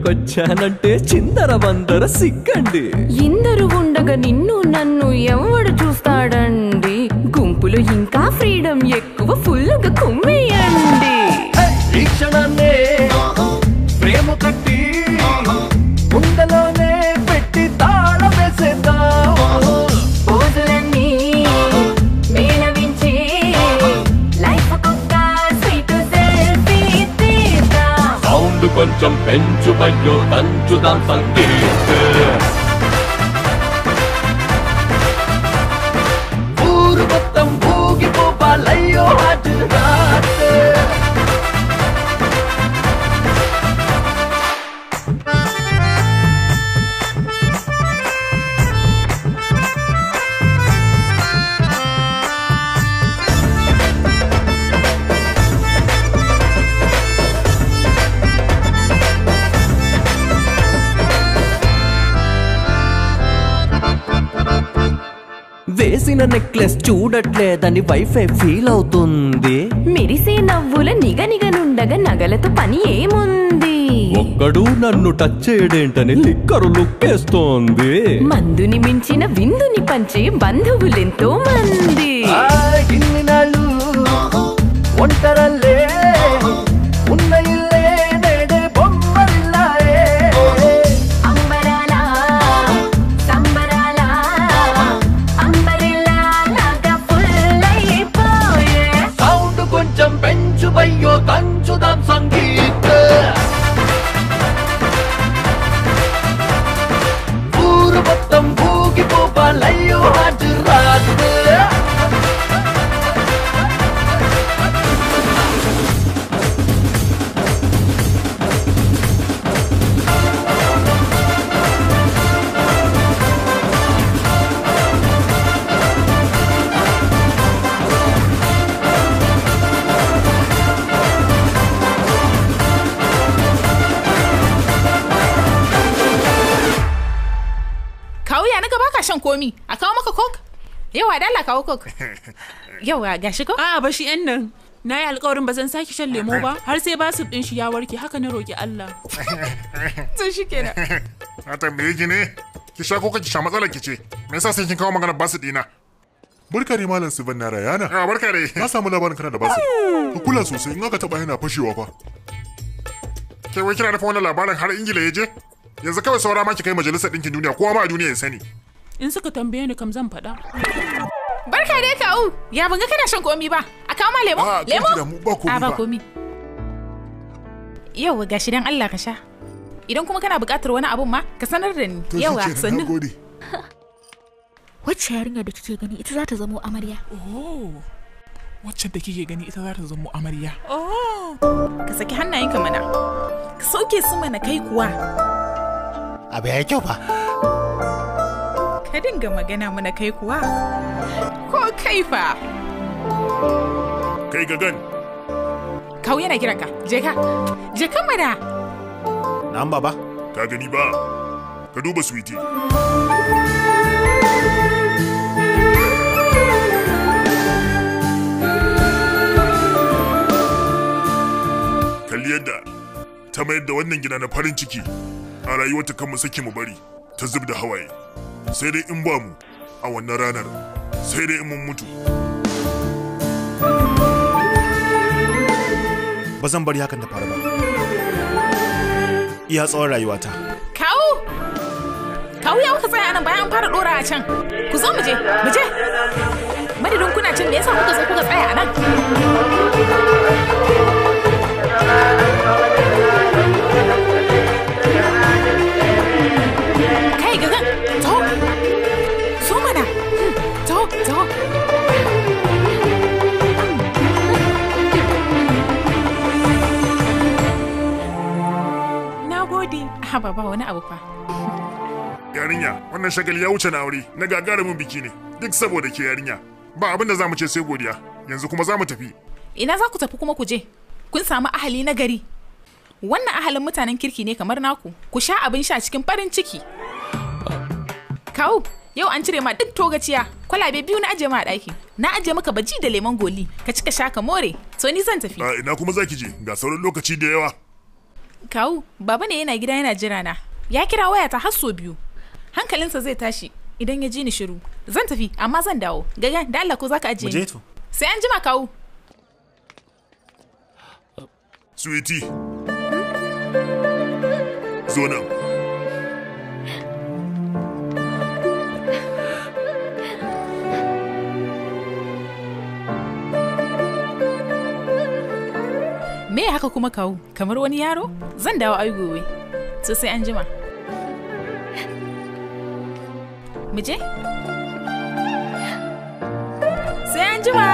ఇక్కడికొచ్చానంటే చిందర బందర సిగ్గండి ఇందరు ఉండగా నిన్ను నన్ను ఎవ 没有挡住挡风的雪。చూడట్లేదని వైఫై ఫీల్ అవుతుంది మెరిసే నవ్వుల నిగ నిగనుండగా నగలతో పని ఏముంది ఒక్కడు నన్ను టచ్ చేయడేంటని లిక్కరు లుక్కేస్తోంది మందుని మించిన విందుని పంచే బంధువులెంతో మంది ఒంటర Yawa gashi ko? A'a ba shi yan nan. Na yi alkawarin ba zan sake shan lemo ba har sai su ɗin shi ya warke haka na roƙi Allah. Tun shi kenan. Na tambaye ki ne? Ki sha ko ki sha matsalar ki ce. Me yasa sai kin kawo magana su ɗina? Barka dai Malam Sivan na Rayana. Ah barka dai. Na samu labarin kana da su. Ka kula sosai in aka taɓa yana fashewa fa. Ke wai kina nufin wannan labarin har Ingila ya je? Yanzu kawai saura ma ki kai majalisar ɗinkin duniya kowa ma a duniya ya sani. In suka tambaye ni kam zan faɗa. Barka dai u, Ya banga kana shan komi ba. A kawo ma lemo? Ah, lemo? A ba komi. Ah, Yau ga shi dan Allah ka sha. Idan kuma kana buƙatar wani abun ma, ka sanar da ni. Yawa, sannu. Wacce yarinya da kike gani ita za ta zamo amarya. Oh. Wacce da kike gani ita za ta zamo amarya. Oh. Ka saki hannayenka mana. Ka sauke su mana kai kuwa. Abu ya kyau fa. ka dinga magana mana kai kuwa kai fa kai gagan kau yana kiranka je ka je ka mana baba ka gani ba ka duba suwiti kalli yadda ta mayar da wannan gida na farin ciki a rayuwarta kan mu saki mu bari ta zub da hawaye sai dai in ba mu a wannan ranar sai dai mun mutu ba zan bari hakan ta faru ba iya tsawon rayuwata kawo kawo ya kuka tsaya nan bayan fara dora a can ku zo mu je mu je madadin kuna cin me yasa kuka zo kuka tsaya a nan Thank you. marhaba ba wani abu fa yarinya wannan shagali ya wuce na aure na gagarumin biki ne duk saboda ke yarinya ba abin da zamu ce sai godiya yanzu kuma zamu tafi ina za ku tafi kuma ku je kun samu ahali na gari wannan ahalin mutanen kirki ne kamar naku ku sha abin sha cikin farin ciki kawu yau an cire ma duk togaciya kwalabe biyu na aje ma ɗaki na aje maka baji da lemon goli ka cika sha ka more to ni zan tafi ina kuma zaki je ga sauran lokaci da yawa kawu baba ne yana gida yana jira na ya kira waya ta har so biyu hankalinsa zai tashi idan ya ji ni shiru zan tafi amma zan dawo gaga da Allah ko zaka ajiye ni sai an jima kawu sweetie zo nan me haka kuma kawo kamar wani yaro zan dawo ai gobe so sai an jima mu je sai an jima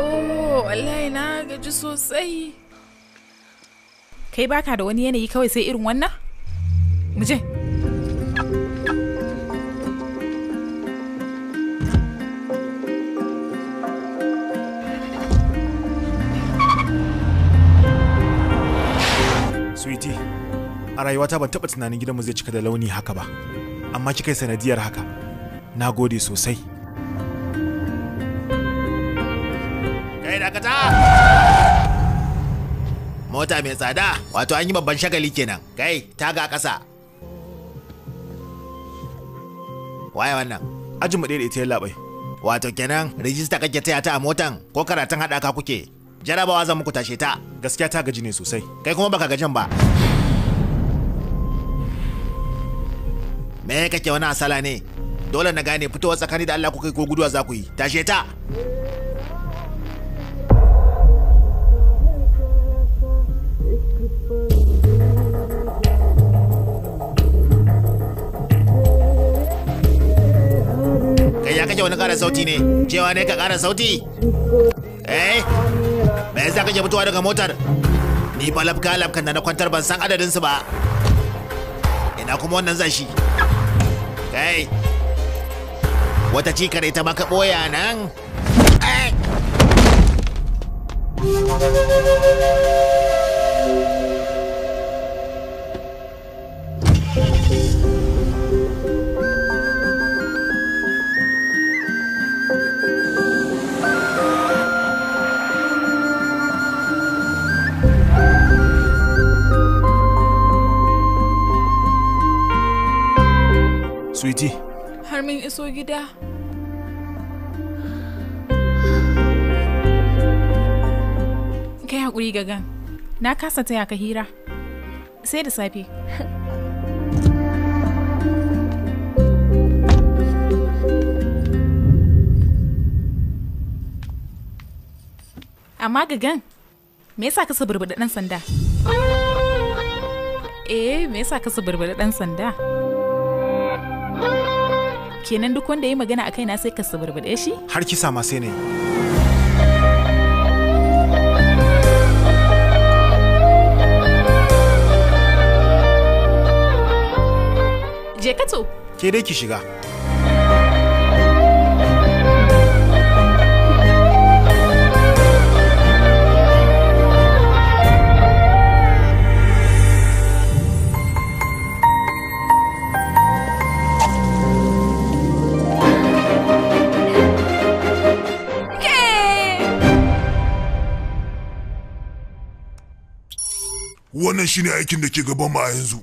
oh wallahi na gaji sosai kai baka da wani yanayi kawai sai irin wannan mu je a rayuwata ban taɓa tunanin gidanmu zai cika da launi haka ba amma kika yi sanadiyar haka na gode sosai kai dakata mota mai tsada wato an yi babban shagali kenan kai taga ƙasa waye wannan ajin mu ɗaya da ita labai wato kenan rijista kake taya ta a motan ko karatun haɗaka kuke jarabawa zan muku tashe ta gaskiya ta gaji ne sosai kai kuma baka gajin ba me kake wani asala ne dole na gane fitowa tsakani da Allah ku kai ko guduwa za ku yi tashe ta kai ya kake wani ƙara sauti ne cewa ne ka ƙara sauti eh me yasa kake fitowa daga motar ni ba lafka lafkan da na kwantar ban san adadinsu ba ina kuma wannan zashi Kai! Wata cikar ita maka ɓoya nan? Eh. Sweetie. Har mun iso gida. Kai haƙuri gagan, na kasa taya ka hira. Sai da safe. Amma gagan, me yasa ka suburbuɗa ɗan sanda? Eh, me yasa ka suburbuɗa ɗan sanda? kenan duk wanda ya yi magana a kaina sai ka suburbuɗe shi har kisa ma sai ne je ka to ke dai ki shiga wannan shine aikin da ke gaban mu a yanzu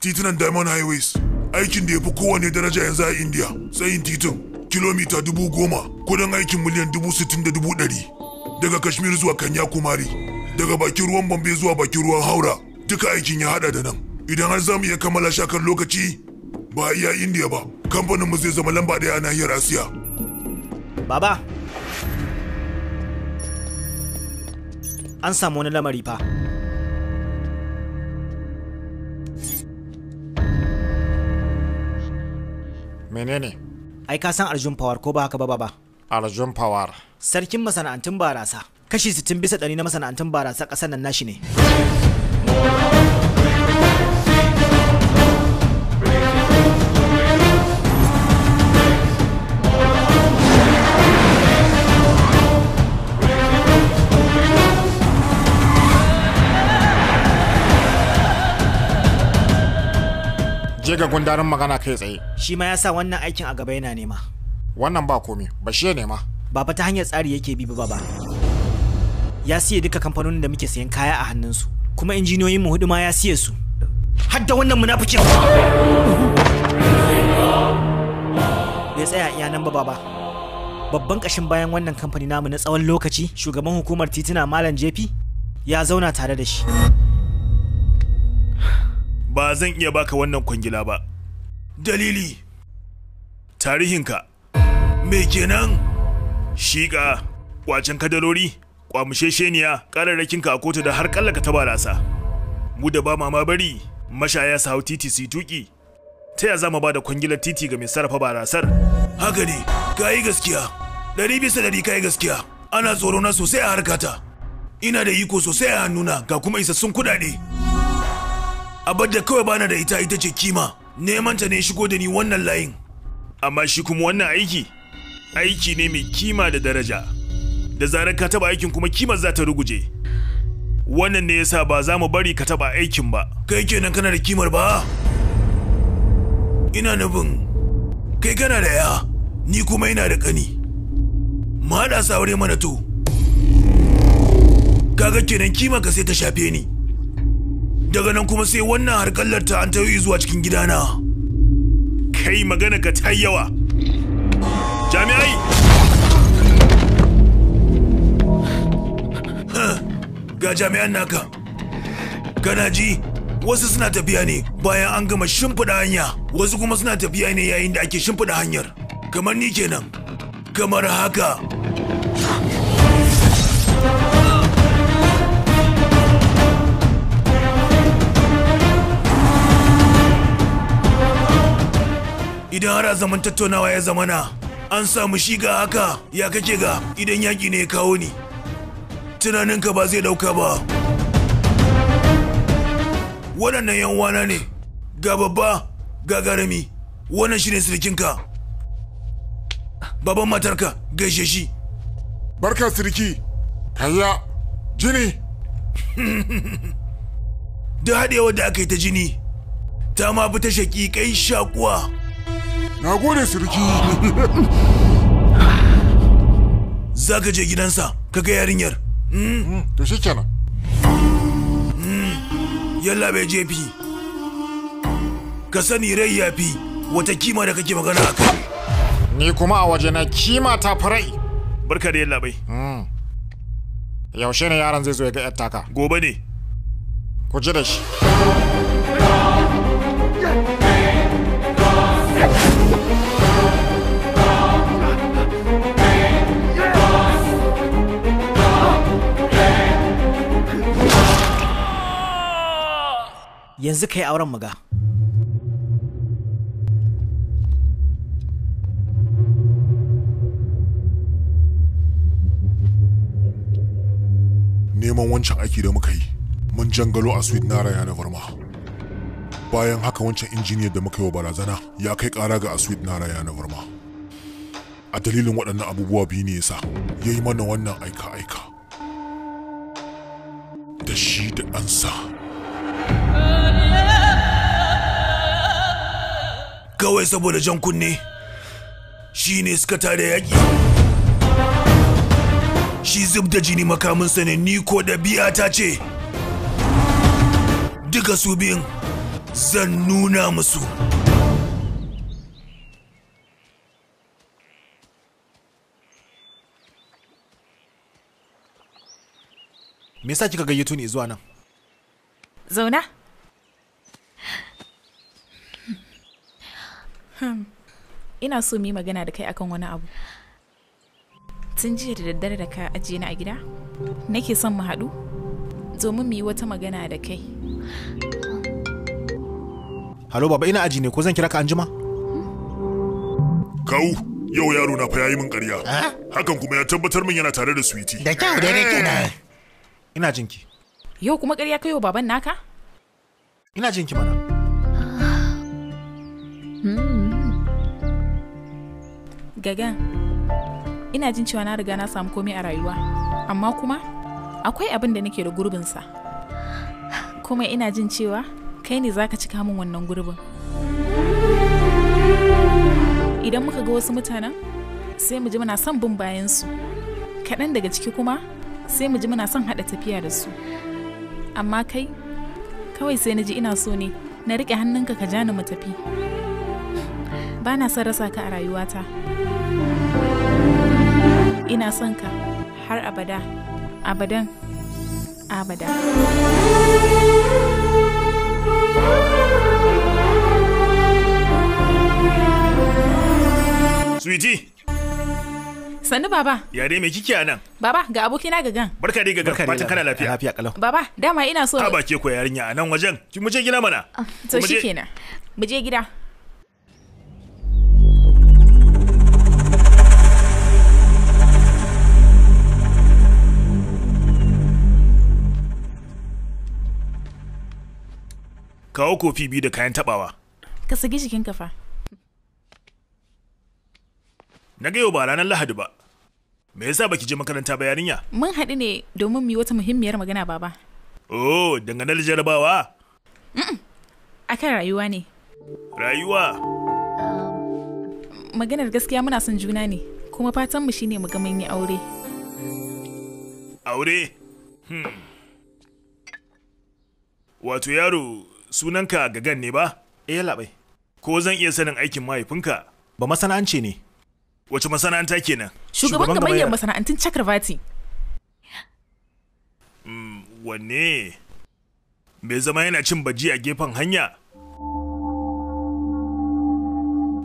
titunan diamond highways aikin da ya fi kowane daraja yanzu a india tsayin titin kilomita dubu goma kudin aikin miliyan dubu sittin da dubu ɗari daga kashmir zuwa kumari daga bakin ruwan bombe zuwa bakin ruwan haura duka aikin ya hada da nan idan har za mu iya kammala shakar lokaci ba iya india ba kamfanin mu zai zama lamba daya a nahiyar asiya baba an samu wani lamari fa menene ai ka san arjun power ko ba haka ba baba arjun power sarkin masana'antun barasa kashi 60 bisa 100 na masana'antun barasa ƙasar nan nashi ne je ga gundarin magana kai tsaye shi ma ya sa wannan aikin a gaba yana nema wannan ba komi ba shi ya nema ba ta hanyar tsari yake bi ba ba ya siye duka kamfanonin da muke sayan kaya a hannunsu kuma injiniyoyin mu huduma ma ya siye su har da wannan munafikin bai tsaya iya nan ba baba babban kashin bayan wannan kamfani namu na tsawon lokaci shugaban hukumar tituna malam jefi ya zauna tare da shi ba zan iya baka wannan kwangila ba dalili tarihinka me kenan shiƙa kwacen kadalori kwamushesheniya ka a kotu da har kallaka ta barasa mu da ba mama bari mashaya sa hau titi su yi tuƙi ta ya zama ba da kwangilar titi ga mai sarrafa barasar haka ne ka yi gaskiya ɗari bisa dari ka yi gaskiya ana tsoro na sosai a harkata ina da iko sosai a hannuna ga kuma isassun kuɗaɗe abar da kawai bana da ita ita ce kima Nemanta ta ne shigo da ni wannan layin amma shi kuma wannan aiki aiki ne mai kima da daraja da zarar ka taba aikin kuma kimar za ta ruguje wannan ne yasa ba za mu bari ka taba aikin ba kai kenan kana da kimar ba ina nufin kai kana da ya ni kuma ina da kani ma da saure mana to kaga kenan kima ka sai ta shafe ni daga nan kuma sai wannan harkallar ta an ta yi zuwa cikin gidana kai magana ka ta yawa jami'ai ga jami'an naka kana ji wasu suna tafiya ne bayan an gama shimfiɗa hanya wasu kuma suna tafiya ne yayin da ake shimfiɗa hanyar kamar ni kenan kamar haka idan har a zaman tattaunawa ya zamana an samu shi ga haka ya kake ga idan yaƙi ne ya kawo ni tunaninka ba zai ɗauka ba waɗannan yan wana ne ga babba ga garami wannan shi ne sirikinka baban matarka gaishe shi barka siriki hayya jini da haɗewa da aka yi ta jini ta ma fi ta shaƙi kai shakuwa na gode sirki za ka je gidansa ka ga yarinyar hmm? hmm, Ta shi kenan hmm. yalla bai je fi ka sani rai ya fi wata kima da kake magana a kai ni kuma a waje na kima ta farai barka da yalla bai yaushe ne yaron zai zo ya ga yattaka gobe ne ku ji da shi yanzu ka yi auren muga neman wancan aiki da muka yi mun jangalo a sweet na raya na varma bayan haka wancan injiniyar da muka yi wa barazana ya kai kara ga a sweet na raya na varma a dalilin waɗannan abubuwa biyu ne yasa ya yi mana wannan aika-aika da shi da ɗansa. kawai saboda jan kunne shi ne suka tare yaƙi shi zub da jini makaminsa ne ni ko ɗabi'a ta ce duka su biyun zan nuna musu me yasa kika gayyato ni zuwa nan zauna Hmm. Ina so mu yi magana da kai akan wani abu. Tun jiya da daddare da ka ajiye ni a gida? Nake son mu haɗu? Domin mu yi wata magana da kai. Halo baba ina aji ne ko zan kira ka anjima? Kau, yau yaro na fa yayi min ƙarya. Eh? Hakan kuma ya tabbatar min yana tare da suwiti. Da kyau da nake eh. na. Ina jinki. Yau kuma ƙarya kai wa baban naka? Ina jinki mana. gagan ina jin cewa na riga na samu komai a rayuwa amma kuma akwai abin da nake da gurbinsa kuma ina jin cewa kai ne zaka cika min wannan gurbin idan muka ga wasu mutanen sai mu ji muna son bin bayansu kaɗan daga ciki kuma sai mu ji muna son haɗa tafiya da su amma kai kawai sai na ji ina so ne na riƙe hannunka ka ja ni mu tafi. ba na son rasa ka a rayuwata ina son ka har abada abadan abada Sweetie! Sannu baba. Ya dai me kike a nan? Baba ga abokina gagan. Barka dai gagan. Fatan kana lafiya. Lafiya kalau. Baba dama ina so. Ka bace ko yarinya a nan wajen. Ki mu je gida mana. To shikenan. Mu je gida. kawo kofi biyu da kayan tabawa ka saki jikin kafa na ga yau ba ranar lahadi ba me yasa baki je makaranta ba yarinya mun haɗu ne domin mu yi wata muhimmiyar magana baba oh dangane da jarabawa akan rayuwa ne rayuwa um, maganar gaskiya muna son juna ne kuma fatanmu shine mu ga mun yi aure aure hmm. wato yaro sunanka gagan ne ba? Eh labai. Ko zan iya sanin aikin mahaifinka? Ba masana'ance ne. Wace masana'anta kenan? Shugaban gamayyar masana'antun Chakravarti. Mm, wanne? me zama yana cin baji a gefen hanya?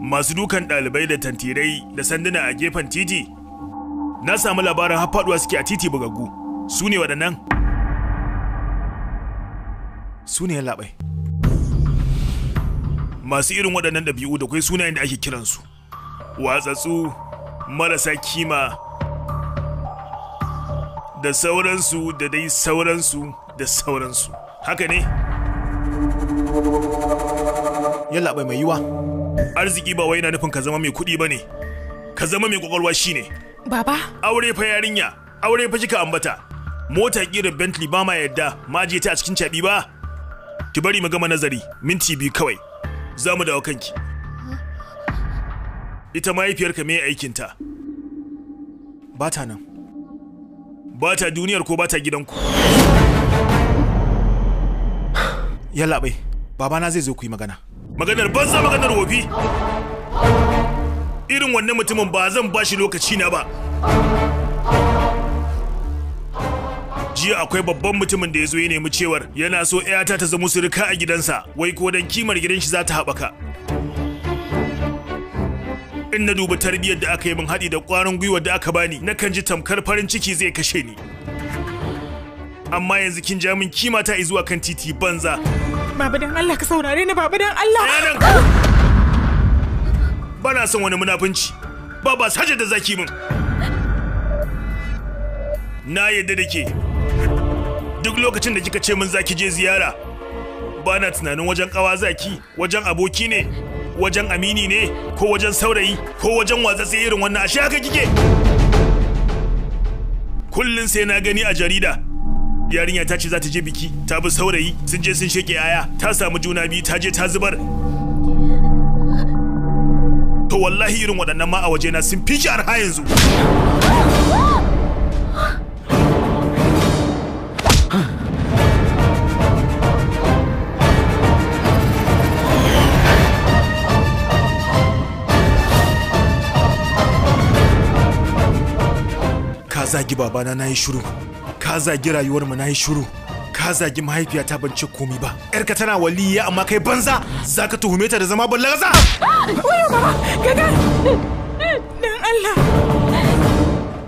Masu dukan ɗalibai da tantirai da sanduna a gefen titi? Na samu labarin hafaɗuwa suke a titi bugaggu. Su ne waɗannan? Su ne labai. masu irin waɗannan ɗabi'u da kwai sunayen da ake kiransu watsatsu marasa kima da sauransu da dai sauransu da sauransu haka ne yalla bai mai yiwa arziki ba wai na nufin ka zama mai kuɗi ba ne ka zama mai kwakwalwa ne. baba aure fa yarinya aure fa kika ambata mota kira bentley ba ma yadda ma je ta a cikin caɓi ba ki bari mu gama nazari minti biyu kawai za mu dawo kanki ita mahaifiyarka me aikinta ba ta nan ba ta duniyar ko ba ta gidanku yalla bai babana zai zo ku yi magana maganar banza maganar wofi irin wannan mutumin ba zan ba shi lokaci na ba jiya akwai babban mutumin da ya zo ya nemi cewar yana so 'yata ta zama surika a gidansa wai ko dan kimar gidan shi za ta haɓaka in na duba tarbiyyar da aka yi min haɗi da ƙwarin gwiwa da aka bani na kan ji tamkar farin ciki zai kashe ni amma yanzu kin ja min kima ta zuwa kan titi banza baba dan Allah ka saurare ni baba dan Allah bana son wani munafunci ba ba da zaki min na yadda da ke duk lokacin da kika ce min zaki je ziyara ba na tunanin wajen kawa zaki wajen aboki ne wajen amini ne ko wajen saurayi ko wajen watsatse irin wannan ashe haka kike kullum sai na gani a jarida yarinya ta ce za ta je biki ta bi saurayi sun je sun sheke aya ta samu juna biyu ta je ta zubar to wallahi irin waɗannan ma a na sun fi har yanzu zagi babana na yi shiru ka zagi rayuwarmu na yi shiru ka zagi mahaifiyata ban ci komi ba yarka tana waliyya amma kai banza za ka tuhume ta da zama ballaza wayo baba gaga dan Allah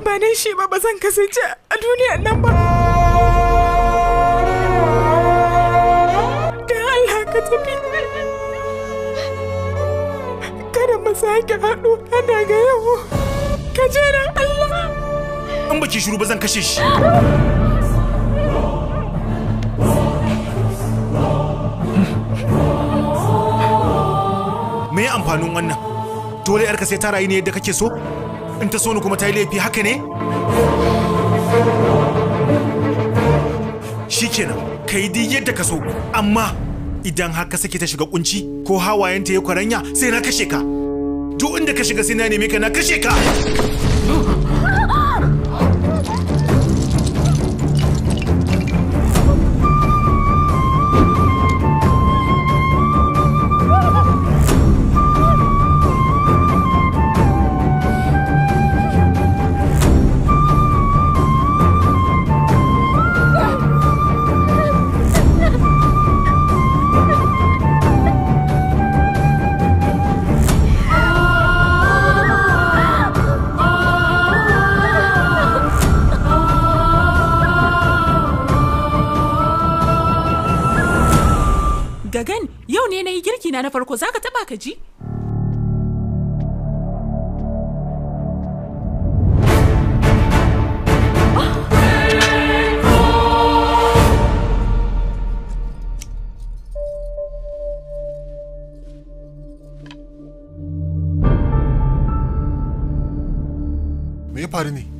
ba nan shi ba ba zan kasance a duniyar nan ba dan Allah ka tafi kada mu sake haɗu ana ga yau ka je Allah in baki shiru ba zan kashe shi me amfanin wannan dole yarka sai ta rayu ne yadda kake so in ta so ni kuma ta yi laifi haka ne shikenan ka yi duk yadda ka so amma idan haka sake ta shiga kunci ko hawayenta ya kwaranya sai na kashe ka duk inda ka shiga sai na neme ka na kashe ka na farko zaka taba ka ji me ya faru ne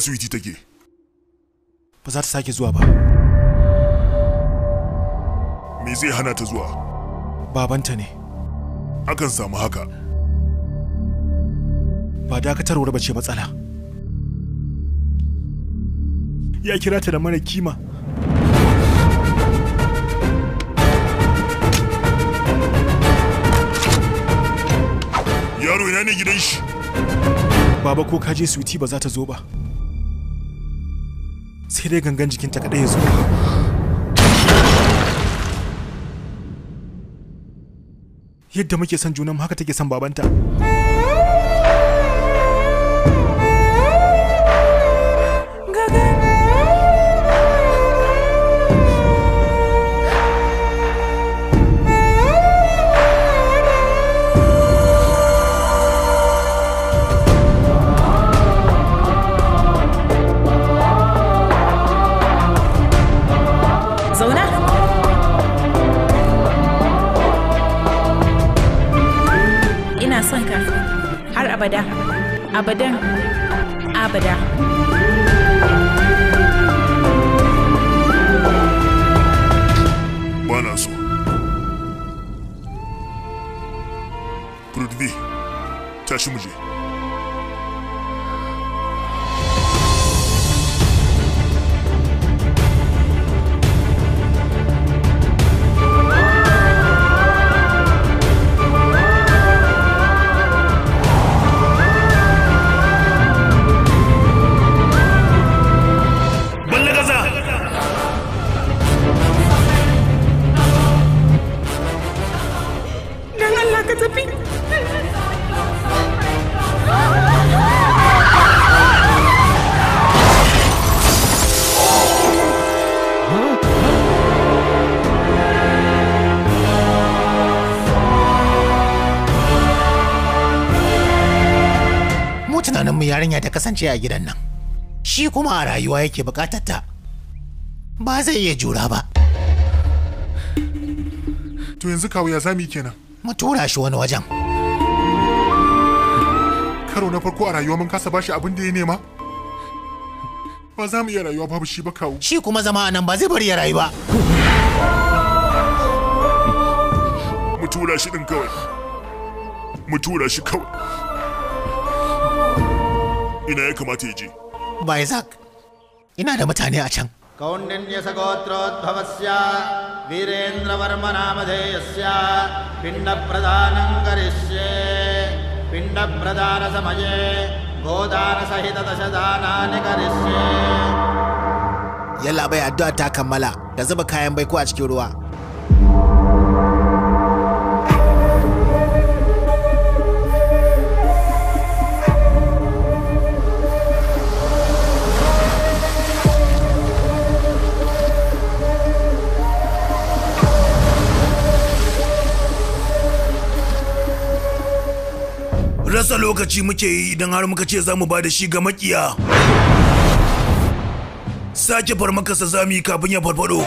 asibiti take ba za ta sake zuwa ba me zai hana ta zuwa babanta ne akan samu haka ba dakatarwar ba ce matsala ya kira ta da mara kima yaro ina ne gidan shi baba ko kaje suiti ba za ta zo ba sai dai gangan jikinta kaɗai ya zo yadda muke son junanmu haka take son babanta kasance a gidan nan shi kuma a rayuwa yake bukatar ta ba zai iya jura ba to yanzu kawo ya zami kenan mu tura shi wani wajen karo na farko a rayuwa mun kasa bashi abin da ya nema ba za mu iya rayuwa babu shi ba kawo shi kuma zama a nan ba zai bari ya rayu ba mu tura shi din kawai mu tura shi kawai ina ya kamata ya je. Ba Isaac, ina da mutane a can. Kaunin yasa gotrodhavasya, Virendra Varma namadeyasya, pinda pradhanam karishye, pinda pradhana samaye, godana sahita dashadana nikarishye. Yalla bai addu'a ta kammala, ka zuba kayan bai ko a cikin ruwa. rasa lokaci muke yi idan har muka ce za mu ba da shi ga makiya sake farmaka za mu kafin ya farfado.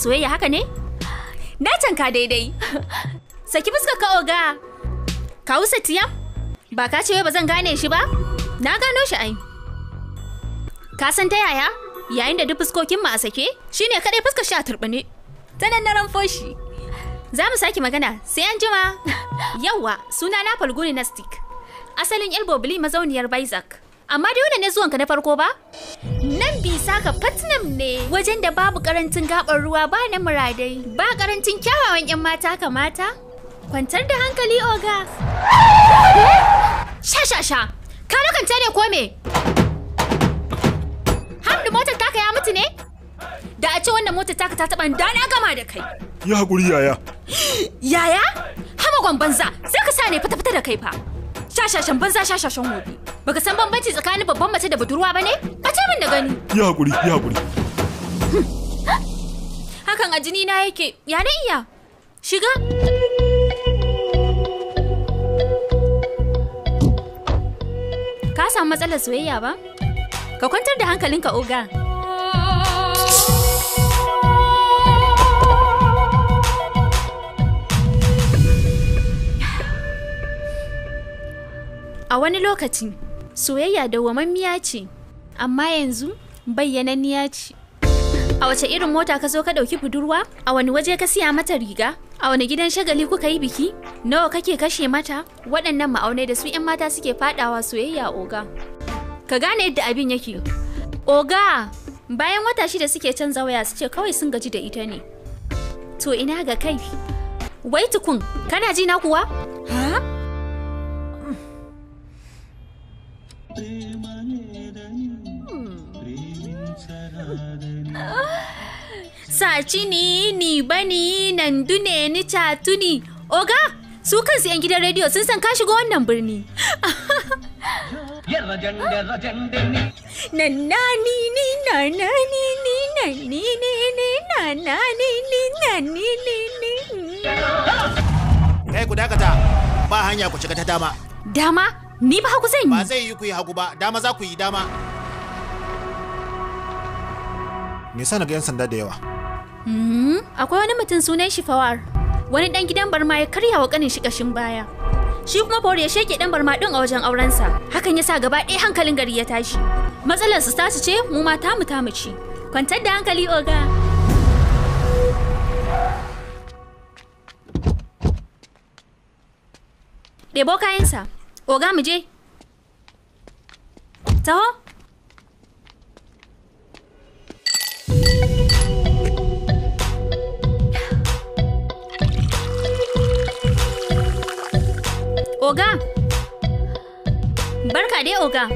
soyayya haka ne? Na canka daidai. Saki fuskar ka oga. Kawu Satiyam? Ba ka ce ba zan gane shi ba? Na gano shi ai. Ka san ta yaya? Yayin da duk fuskokin mu a sake, shine kadai fuskar shi a turbine. Ta nan na ranfo shi. Za mu sake magana sai an jima. Yawwa, suna na Falguni Nastic. Asalin Elbobili mazauniyar Baizak. amma dai wannan ne zuwanka na farko ba? Nan bisa ka Fatnam ne wajen da babu karancin gabar ruwa ba na muradai, ba karancin kyawawan 'yan mata kamata. Kwantar da hankali oga. Sha sha sha, ka lakanta ne ko me? Hamdu motar taka ya mutu ne? Da a ce wannan motar taka ta taɓa da na gama da kai. Ya haƙuri yaya. Yaya? Hama za, sai ka sa ne fita-fita da kai fa. Shashashan banza shashashan wofi. Baka san bambanci tsakanin babban mace da budurwa ba ne? Bace min da gani. Ya hakuri, ya hakuri. Hakan a jini na yake. Ya na iya. Shiga. Ka samu matsalar soyayya ba? Ka kwantar da hankalinka oga. A wani lokaci, soyayya da dawwamammiya ce, amma yanzu bayyananniya ce. A wace irin mota ka zo ka ɗauki budurwa? A wani waje ka siya mata riga? A wani gidan shagali kuka yi biki? Nawa kake kashe mata? Waɗannan ma'aunai da su 'yan mata suke faɗawa soyayya oga. Ka gane yadda abin yake. Oga! Bayan wata shida suke canza waya suce kawai sun gaji da ita ne. To ina ga kai? Wai tukun, kana ji na kuwa? Ha? ప్రేమ లేదని ప్రేమించరాదని సాచిని ni bane nandu ne ni catuni oga su kansu 'yan gidan rediyo sun san ka shiga wannan birni na ni ni na na ni ni na ni ni na na ni ni nanni ni ni kai ku dakata ba hanya ku shiga ta dama dama Ni ba hagu zan yi. Ba zai yi ku yi hagu ba, dama za ku yi dama. Me yasa naga 'yan sanda da yawa? Hmm, akwai wani mutum sunan shi Fawar. Wani dan gidan barma ya karya wa kanin shi kashin baya. Shi kuma Fawar ya sheke dan barma din a wajen aurensa. Hakan ya sa gaba ɗaya hankalin gari ya tashi. Matsalar su tasu ce mu ma tamu tamu ci Kwantar da hankali oga. Ɗebo kayansa. Oga mu Taho? Oga. Barka dai Oga.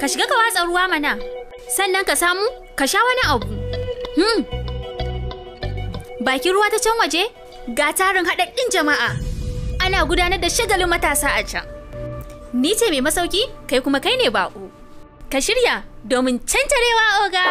Ka shiga ka watsa ruwa mana. Sannan ka samu ka sha wani abu. Hmm. Bakin ruwa ta can waje? Ga tarin haɗaɗɗin jama'a. Ana gudanar da shagalin matasa a can. Ni ce mai masauki, kai kuma kai ne baƙo. Ka shirya domin cancarewa oga!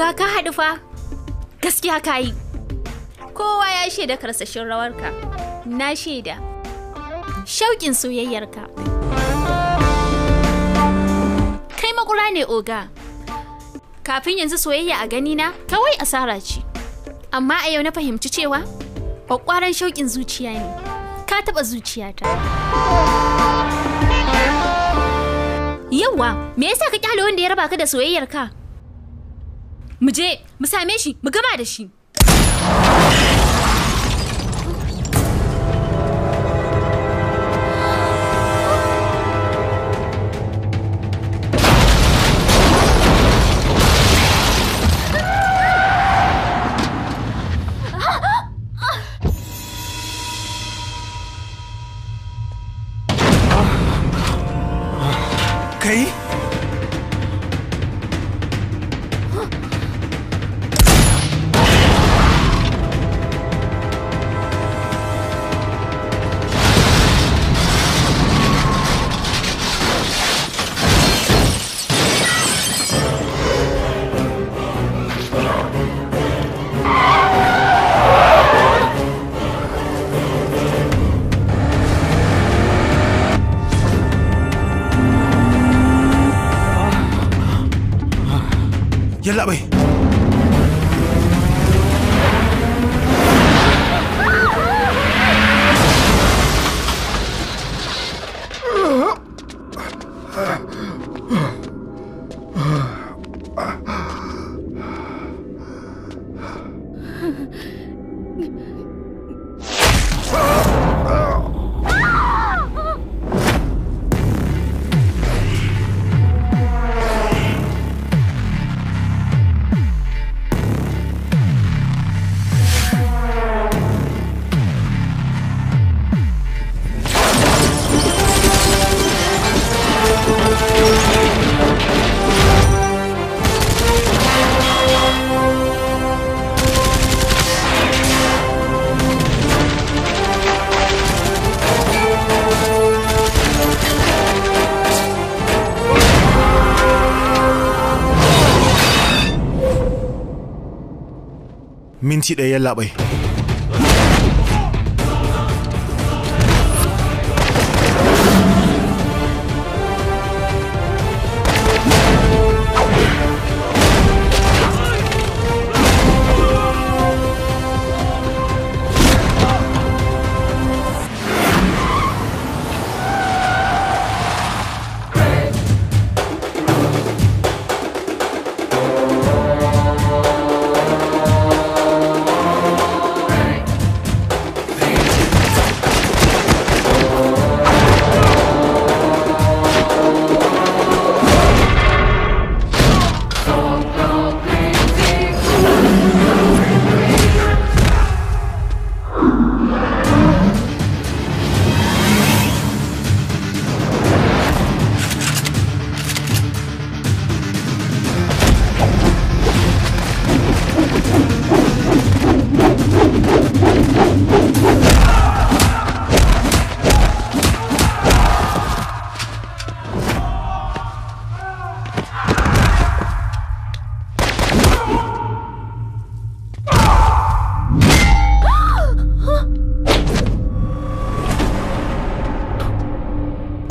Oga ka haɗu fa. Gaskiya ka yi. Kowa ya shaida karsashin rawarka. Na shaida. Shauƙin soyayyarka. Kai makura ne oga. Kafin yanzu soyayya a ganina kawai asara ce. Amma a yau na fahimci cewa kwakwaran shauƙin zuciya ne. Ka taɓa zuciyata. Yawwa, me yasa ka kyale wanda ya raba ka da soyayyar ka mu same shi mu gama da shi minti ɗaya ya yallaɓai.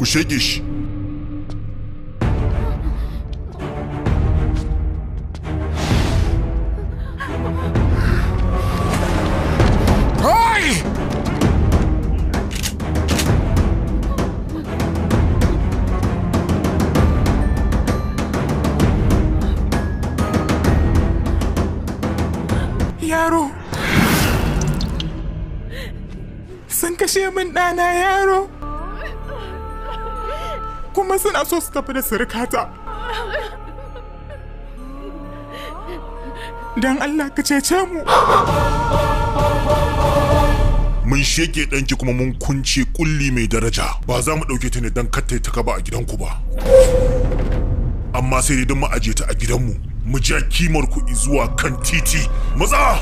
siedzisz? tafi da surukata don Allah ka cece mu mun sheke ɗanki kuma mun kunce ƙulli mai daraja ba za mu ɗauke ta ne don katta ta kaba a gidanku ba amma sai dai don mu ta a gidanmu mu ja kimar ku zuwa kan titi Matsa!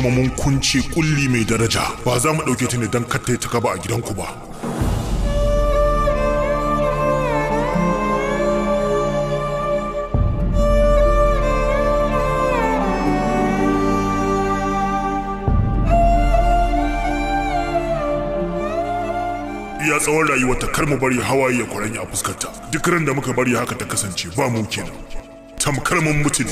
kuma mun kunce kulli mai daraja ba za mu ɗauke ta ne don kattai ta gaba a gidanku ba iya tsawon rayuwarta kar mu bari hawaye ya kwaranya a fuskarta duk ran da muka bari haka ta kasance ba mu kenan tamkar mun mutu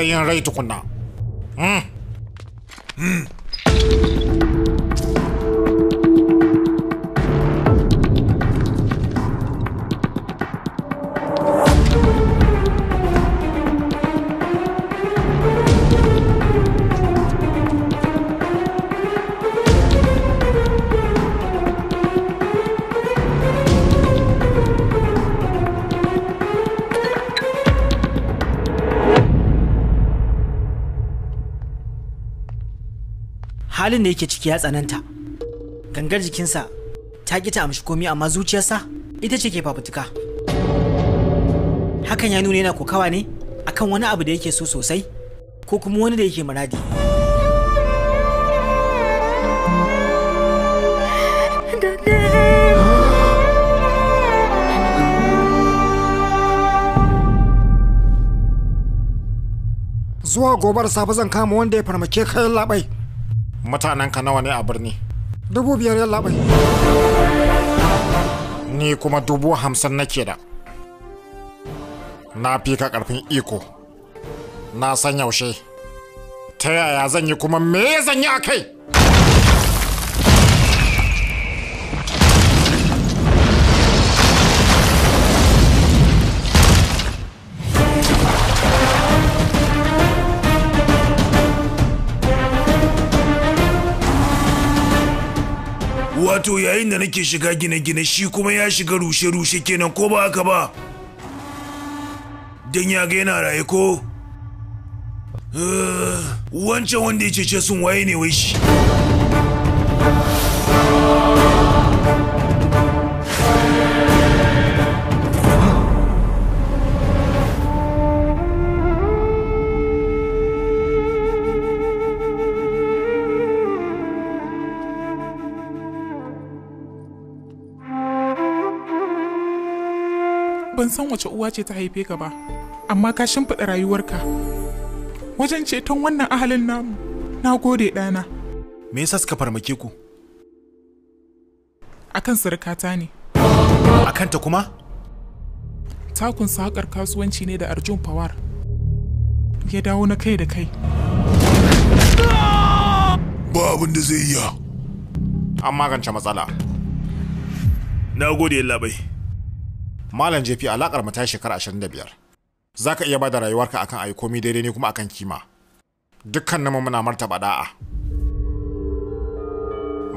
からやらいとこな halin da yake ciki ya tsananta gangar jikinsa ta ki ta amshi komi amma zuciyarsa ita ce ke fafutuka hakan ya nuna yana kokawa ne akan wani abu da yake so sosai ko kuma wani da yake muradi zuwa gobar safe zan kama wanda ya farmake kayan labai mutanenka nawa ne a birni dubu biyar yalla bai ni kuma dubu hamsin nake da na fi ka karfin iko na san yaushe ta yaya zan yi kuma me zan yi a kai wato yayin da nake shiga gine-gine shi kuma ya shiga rushe-rushe kenan ko ba haka ba don ya ga yana raye ko eh, wancan wanda ya cece sun waye ne wai shi ban san wace uwa ce ta haife ka ba amma ka shimfiɗa rayuwarka wajen ceton wannan ahalin namu na gode ɗana me yasa suka farmake ku akan surkata ne akan ta kuma takun sakar kasuwanci ne da arjun fawar ya dawo na kai da kai ba abin da zai ya an magance matsala na gode labai Malam JP alakar mu ta shekara 25. Zaka iya bada rayuwarka akan ayi komai daidai ne kuma akan kima. Dukkan nan muna martaba da'a.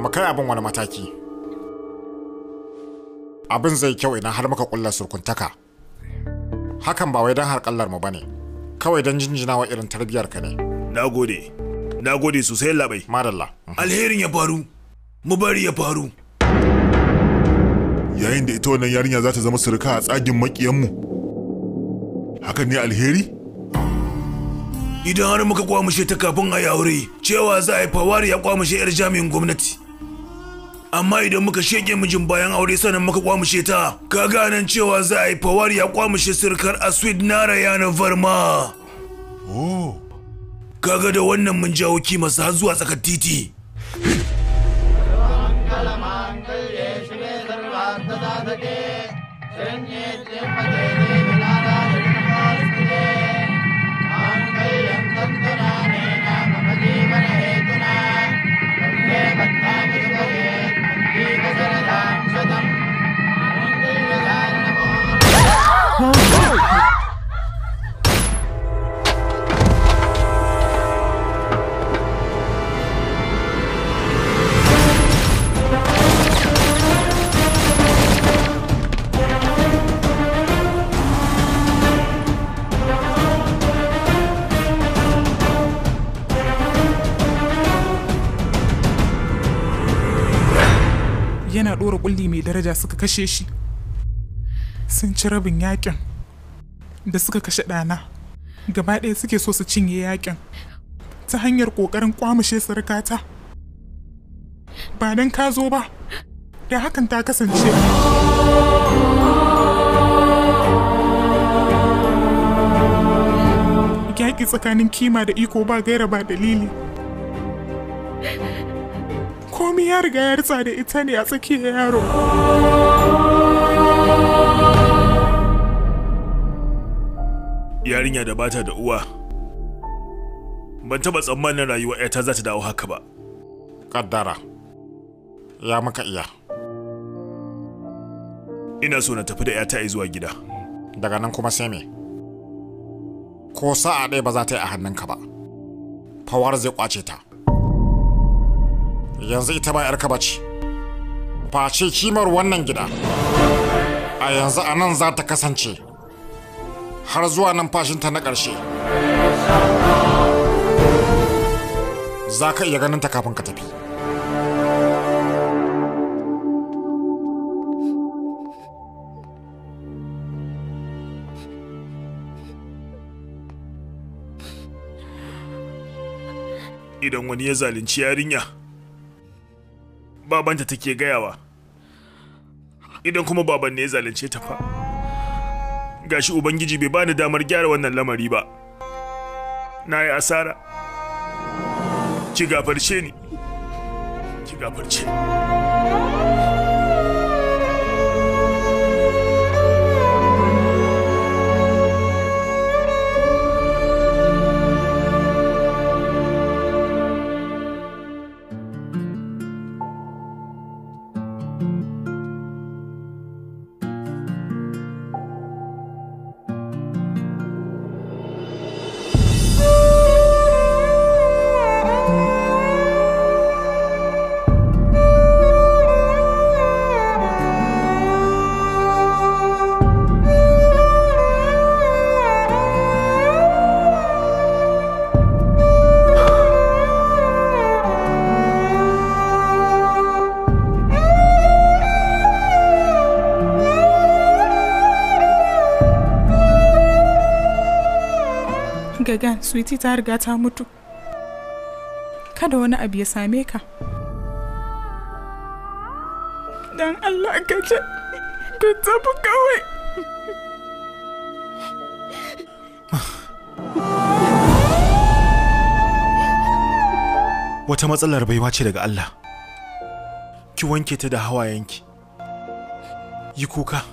Mu kai abin wani mataki. Abin zai kyau idan har muka kulla surkuntaka. Hakan ba wai dan harkallar mu bane. Kawai jinjina jinjinawa irin tarbiyar ka ne. Nagode. Nagode sosai labai. Madalla. Alherin ya faru. Mu bari ya faru. yayin da ita wannan yarinya za ta zama surka a tsagin makiyanmu hakan ne alheri idan har muka kwamushe ta kafin a yi aure cewa za a yi fawari ya kwamushe yar jami'in gwamnati amma idan muka shege mijin bayan aure sannan muka kwamushe ta ka nan cewa za a yi fawari ya kwamushe sirkar sweet na rayana varma oh kaga da wannan mun jawo kimasa har zuwa tsakar titi Goodness yana ɗora ƙulli mai daraja suka kashe shi sun ci rabin yaƙin da suka kashe ɗana gaba ɗaya suke so su cinye yaƙin. ta hanyar ƙoƙarin kwamushe sarkata ba don ka zo ba da hakan ta kasance yaƙi tsakanin kima da iko ba gaira ba dalili komi ya riga ya ritsa da ita ne a tsakiyar yaro yarinya da bata da uwa ban taba tsammanin rayuwa ta za ta dawo haka ba kaddara ya maka iya ina so na tafi da 'yata zuwa gida daga nan kuma sai me ko sa'a ɗaya ba za ta yi a hannunka ba fawar zai kwace ta yanzu ita ba 'yarka ba ce face kimar wannan gida a yanzu a nan za ta kasance har zuwa nan fashinta na ƙarshe za ka iya ganin ta kafin ka tafi idan wani ya zalunci yarinya babanta take gayawa idan kuma baban ne ya zalunce ta fa gashi ubangiji bai bani damar gyara wannan lamari ba na yi asara ki gafarce ni ki gafarce ni sweetie ta riga ta mutu kada wani abu ya same ka don allah ka ce ka tafi kawai wata matsalar baiwa ce daga allah ki wanke ta da hawayenki yi kuka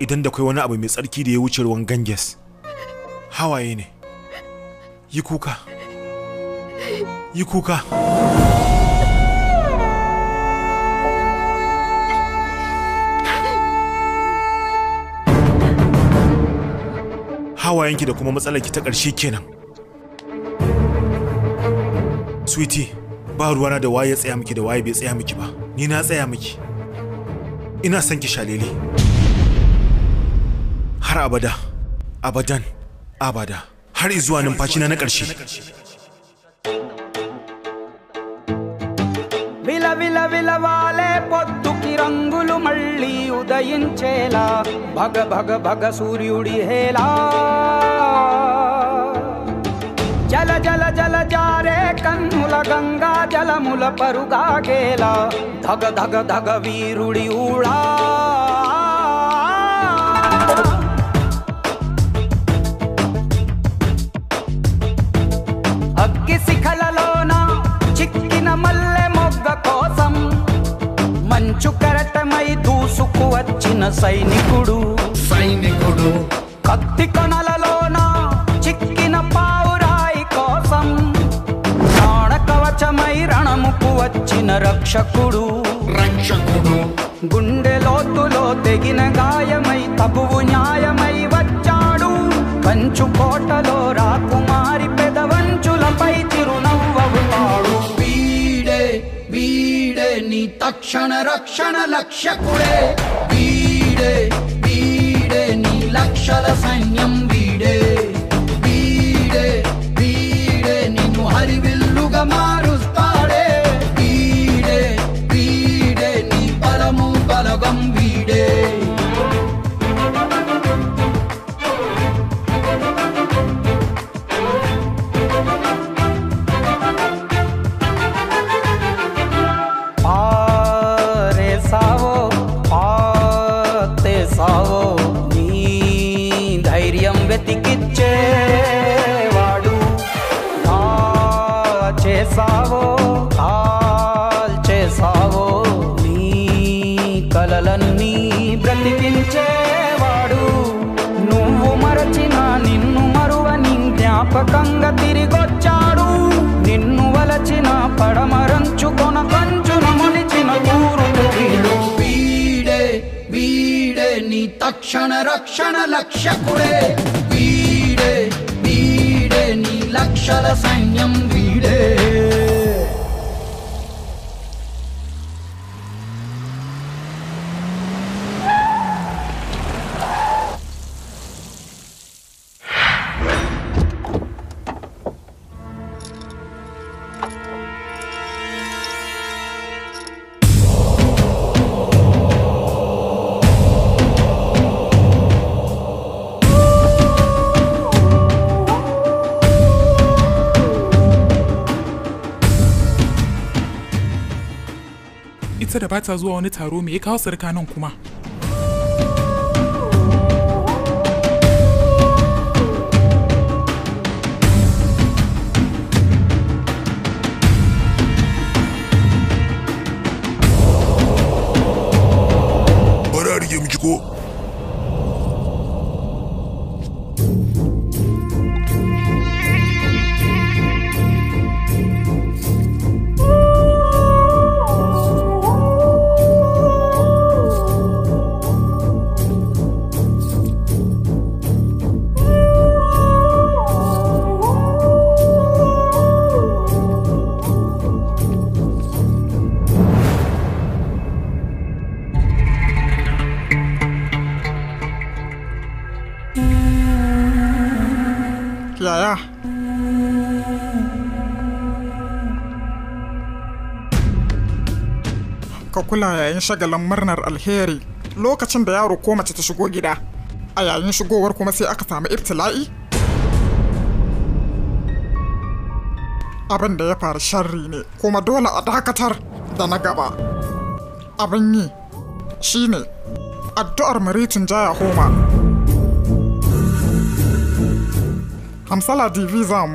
idan da kai wani abu mai tsarki da ya wuce ruwan ganges hawaye ne yi kuka yi kuka hawayenki da kuma matsalarki ta ƙarshe kenan sweetie ba ruwana da waye tsaya miki da waye bai tsaya miki ba ni na tsaya miki ina son ki shalele har abada abadan abada har zuwa numfashina na ƙarshe విల విల విలవాలే పొద్దుకి రంగులు మళ్ళీ ఉదయించేలా భగ భగ భగ సూర్యుడి హేలా జల జల జల జారే కన్నుల గంగా జలముల పరుగాకేలా ధగ ధగ ధగ వీరుడి ఊళా చుకరటమై దూసుకు వచ్చిన సైనికుడు సైనికుడు కత్తి కొనలలోన చిక్కిన పావురాయి కోసం ప్రాణ కవచమై రణముకు వచ్చిన రక్షకుడు రక్షకుడు గుండె లోతులో తెగిన గాయమై తబువు న్యాయమై వచ్చాడు కంచు కోటలో రాకుమారి పెదవంచులపై तक्षण रक्षण लक्ष्य कुरे पीडे पीडे निरसैन्यं రక్షకుడే వీడే వీడే నీ లక్షల సైన్యం వీడే bata zuwa wani taro mai ya kawo sarka kuma kula yayin shagalin murnar alheri lokacin da yaro ko mace ta shigo gida a yayin shigowar kuma sai aka samu iftila'i. abin da ya faru sharri ne kuma dole a dakatar da na gaba abin yi shine addu'ar maritin jaya homa hamsala divizam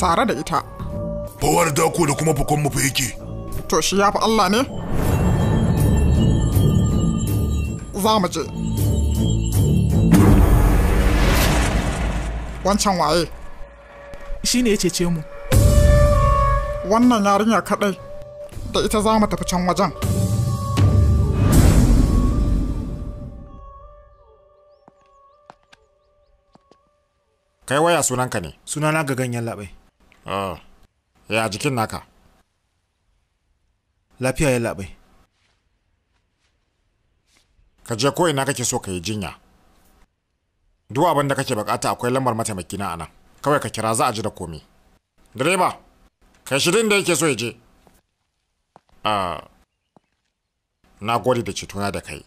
tare da ita da dako da kuma fakon mafi yake to shi ya fi allah ne za mu je wancan waye shi ne ya cece mu wannan yarinya kaɗai da ita za mu tafi can wajen kai waya sunanka ne sunana ga ganyen Ah, oh. ya jikin naka lafiya ya labai ka je ko ina kake so ka yi jinya duk abin da kake bukata akwai lambar mataimaki na anan kawai ka kira za a ji da komi direba kai shi shirin da yake so ya je a ah, na gode da cetona da kai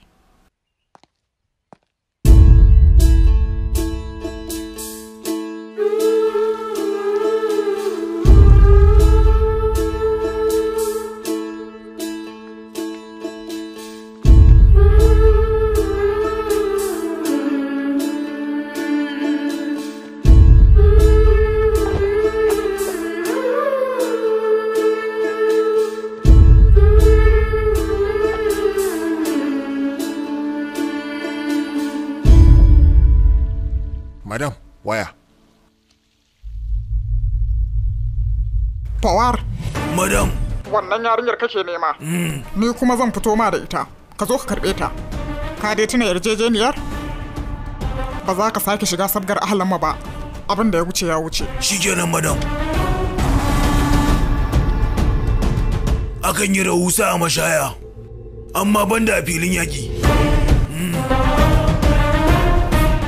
madam waya Pawar. Madam. Wannan yarinyar kake nema. Hmm. Ni kuma zan fito ma da ita. Ka zo ka karɓe ta. Ka dai tuna yarjejeniyar? Ba za ka sake shiga sabgar ahalanma ba. Abin da ya wuce ya wuce. Shikenan madam. Akan yi rahusa a mashaya, amma banda a filin yaƙi. Hmm.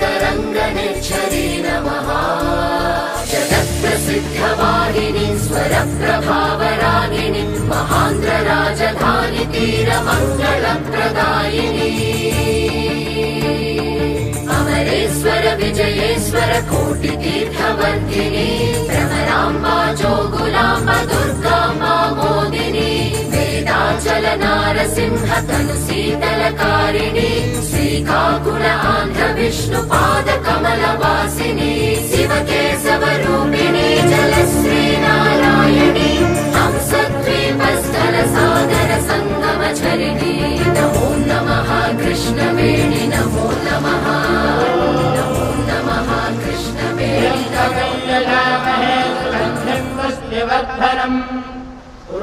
तरङ्गमे नमः शतप्रसिद्धमालिनि स्वरप्रभावरायिणि महान्द्रराजधानि तीरमङ्गलप्रकालिनी अमरेश्वर विजयेश्वर कोटितीर्भवर्तिनी रमराम्बा जोगुलाम्ब दुर्गाम् चलनारसिंहकलुसीतलकारिणे श्रीकाकुल आन्ध्रविष्णुपादकमलवासिने शिवकेशवरूपिणे जलश्रीनारायणे संसद्वे मस्तरसादर सङ्गम चरिणी नमो नमः कृष्णवेणि नमो नमः कृष्णवेणि न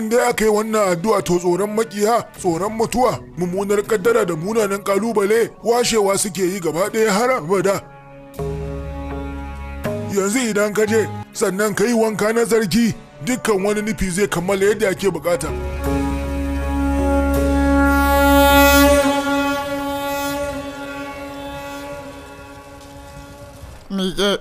in dai aka yi wannan addu'a to tsoron makiya tsoron mutuwa mummunar kaddara da munanan kalubale washewa suke yi gaba ɗaya har abada yanzu idan ka je sannan ka yi wanka na zargi dukkan wani nufi zai kammala yadda ake bukata Miƙe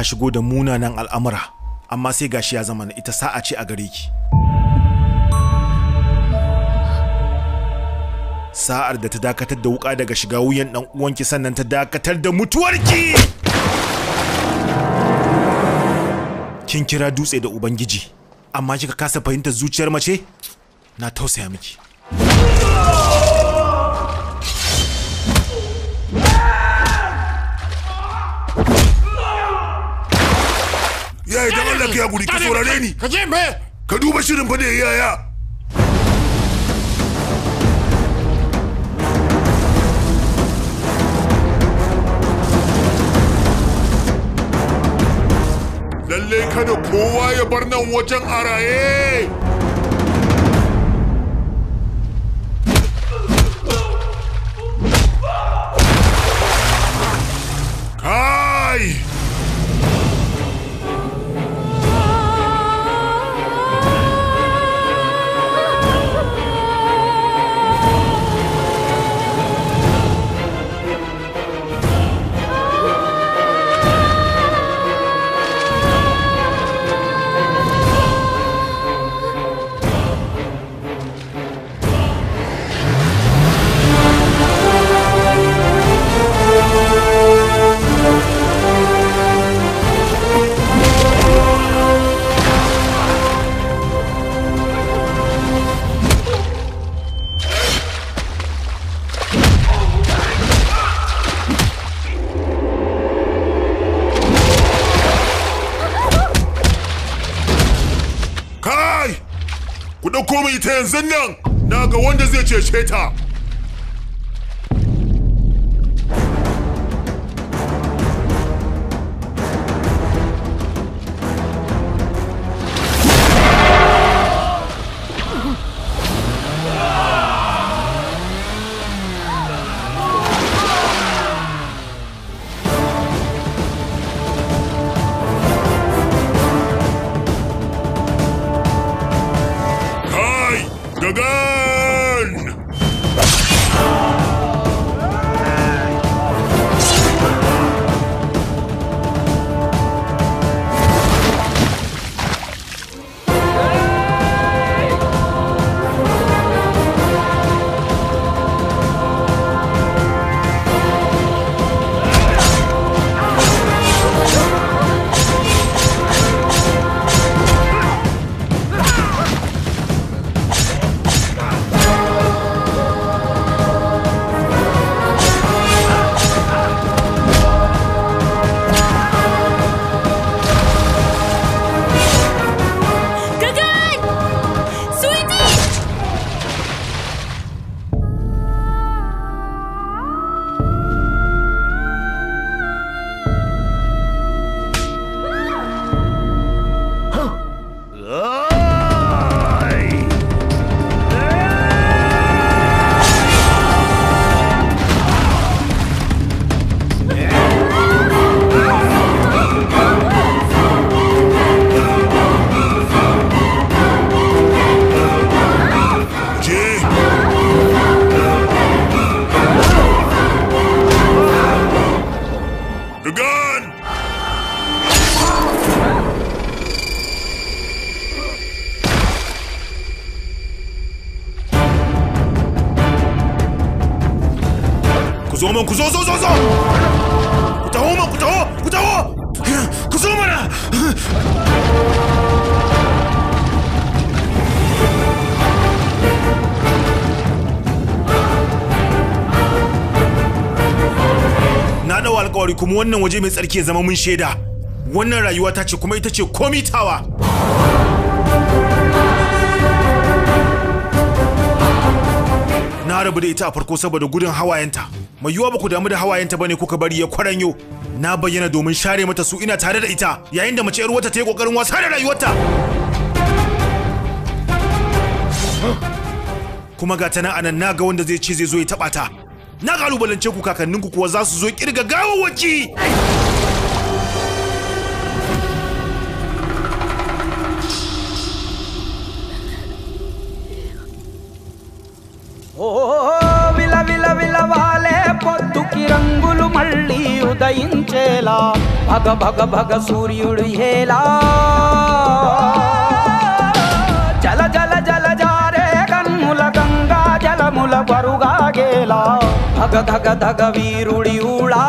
ta shigo da munanan al'amura amma sai gashi ya zama ita sa'a ce a gare ki sa'ar da ta dakatar da wuka daga shiga wuyan dan uwanki sannan ta dakatar da mutuwar ki. kin kira dutse da ubangiji amma kika kasa fahimtar zuciyar mace na tausaya miki ya yi Allah ka ya guri ka saurare ni ka je mai ka duba shirin fa da yaya lalle kada kowa ya bar nan wajen araye nan na ga wanda zai ce ta taho 구조 ku zo zo zo zo ku taho man ku taho ku taho ku alkawari kuma wannan waje mai tsarki ya zama mun shaida wannan rayuwa ta ce kuma ita ce na rabu da ita a farko saboda gudun hawayenta mai yiwuwa ba ku damu da hawayenta bane kuka bari ya kwaranyo na bayyana domin share mata su ina tare da ita yayin da mace 'yar wata ta yi kokarin wasa da rayuwarta kuma ga ta anan na ga wanda zai ce zai zo ya taba ta na kalubalance ku kakanninku kuwa za su zo kirga gawawwaki भग भग भग सूर्य उड़ेला जल जल जल जा रे गन्मुल गंगा जल मुल बरुगा गेला भग धग धग उड़ी उड़ा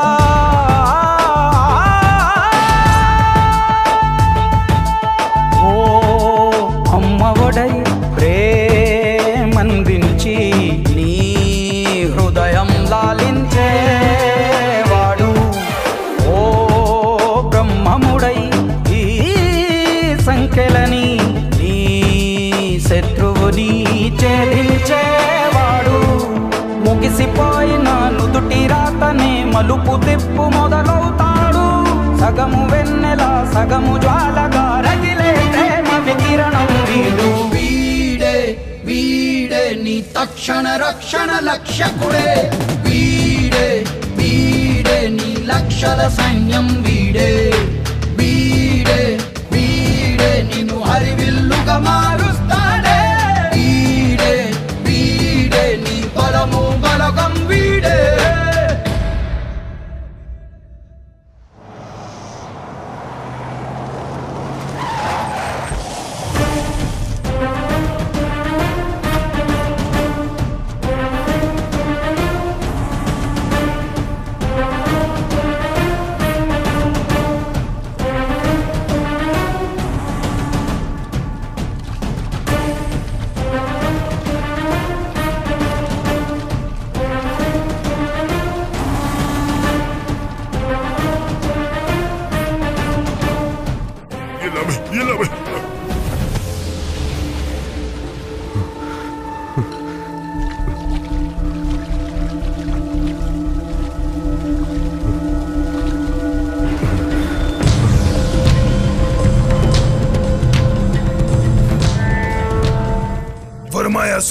మలుపు తిప్పు మొదలవుతాడు సగము వెన్నెల సగము జ్వాలగా రగిలే ప్రేమ వికిరణం వీడు వీడే వీడే నీ తక్షణ రక్షణ లక్ష్యకుడే వీడే వీడే నీ లక్షల సైన్యం వీడే వీడే వీడే నిన్ను హరివిల్లుగా మా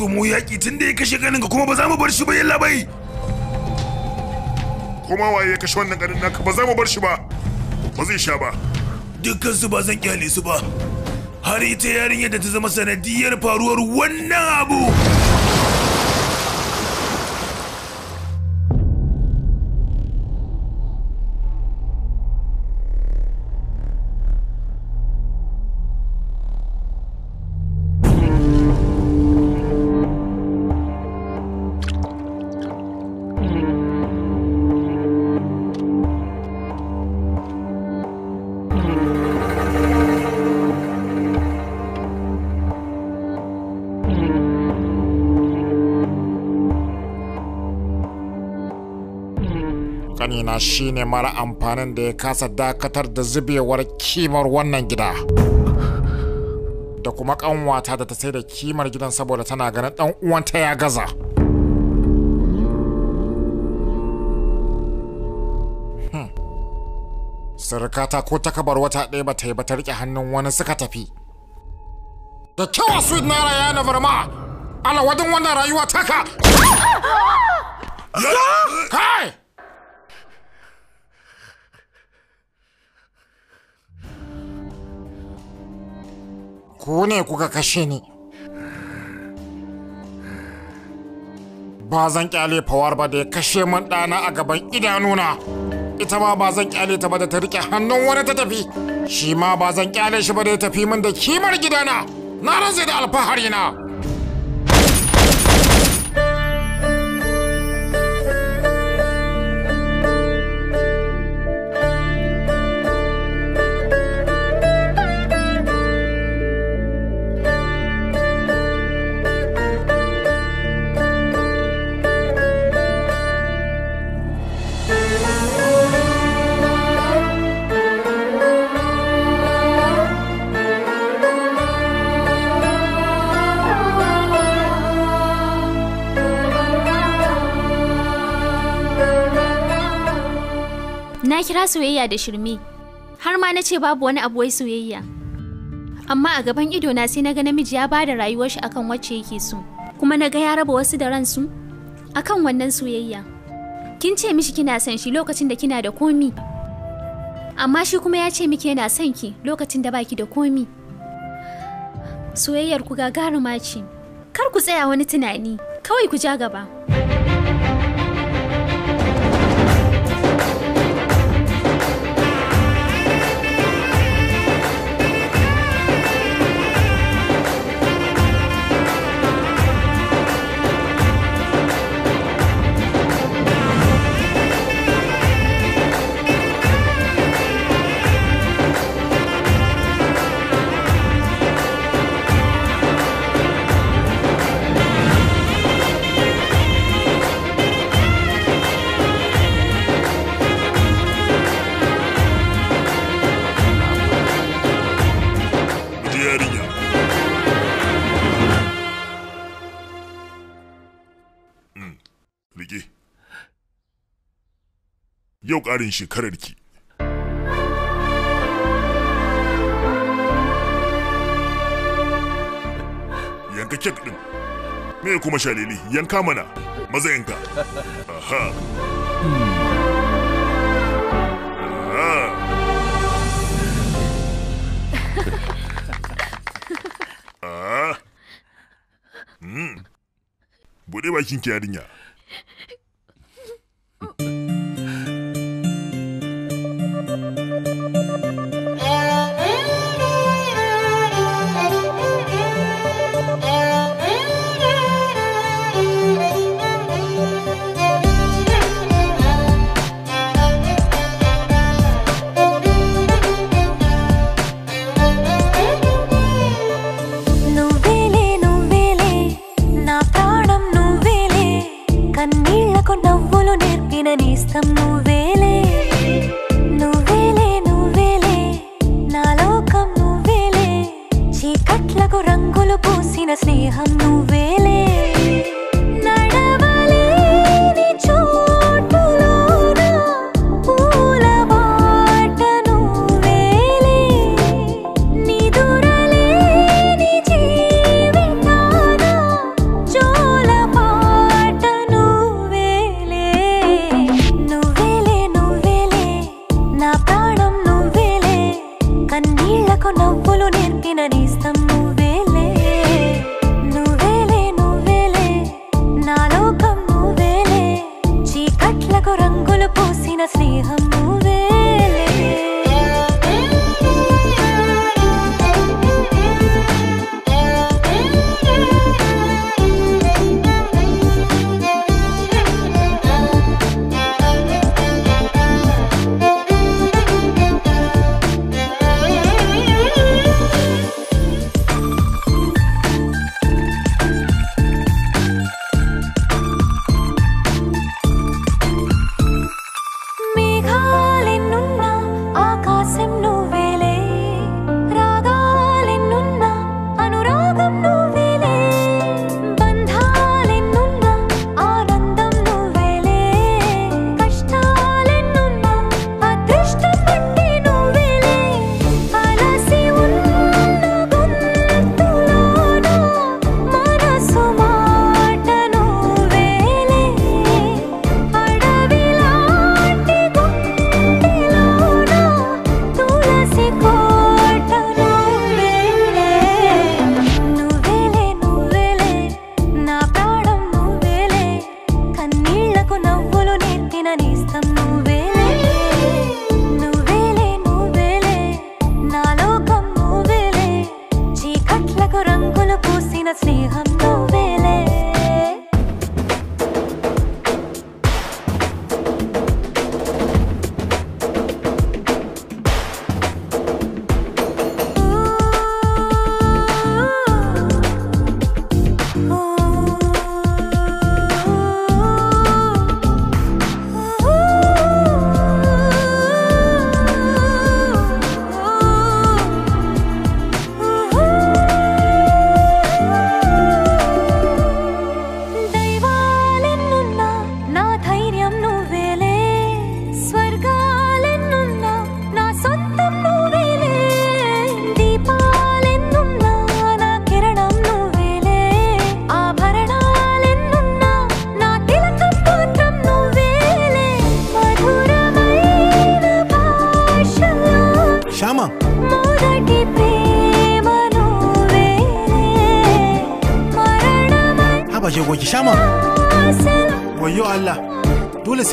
so mu yaƙi tun da ya kashe ganin ka kuma ba za mu bar shi ba yalla bai kuma waye ya kashe wannan ganin naka ba za mu bar shi ba ba zai sha ba dukkan su ba zan kyale su ba har ita yarinya da ta zama sanadiyar faruwar wannan abu imani na shine mara amfanin da ya kasa dakatar da zubewar kimar wannan gida da kuma kanwata da ta sai da kimar gidan saboda tana ganin dan uwanta ya gaza hmm. sirikata ko takabar wata ɗaya ba ta yi ba ta riƙe hannun wani suka tafi da kyawa sweet na raya na verma ala wadin wannan rayuwa taka kai ku ne kuka kashe ni ba zan kyale fawar ba da ya kashe min ɗana a gaban idanuna ita ma ba zan kyale ta ba da ta rike hannun wani ta tafi shi ma ba zan kyale shi ba da ya tafi min da kimar gidana na ranzai da alfahari na na kira soyayya da shirme har ma na ce babu wani abu wai soyayya amma a gaban ido na sai na ga namiji ya bada rayuwar shi akan wacce yake so kuma na ga ya raba wasu da ran su. akan wannan soyayya kin ce mishi kina son shi lokacin da kina da komi amma shi kuma ya ce miki yana son ki lokacin da baki da komi soyayyar ku gagaruma ce kar ku tsaya wani tunani kawai ku ja gaba yau ƙarin shekarar ki yanka kek ɗin me kuma shalili yanka mana maza yanka aha hmm. bakin ki yarinya.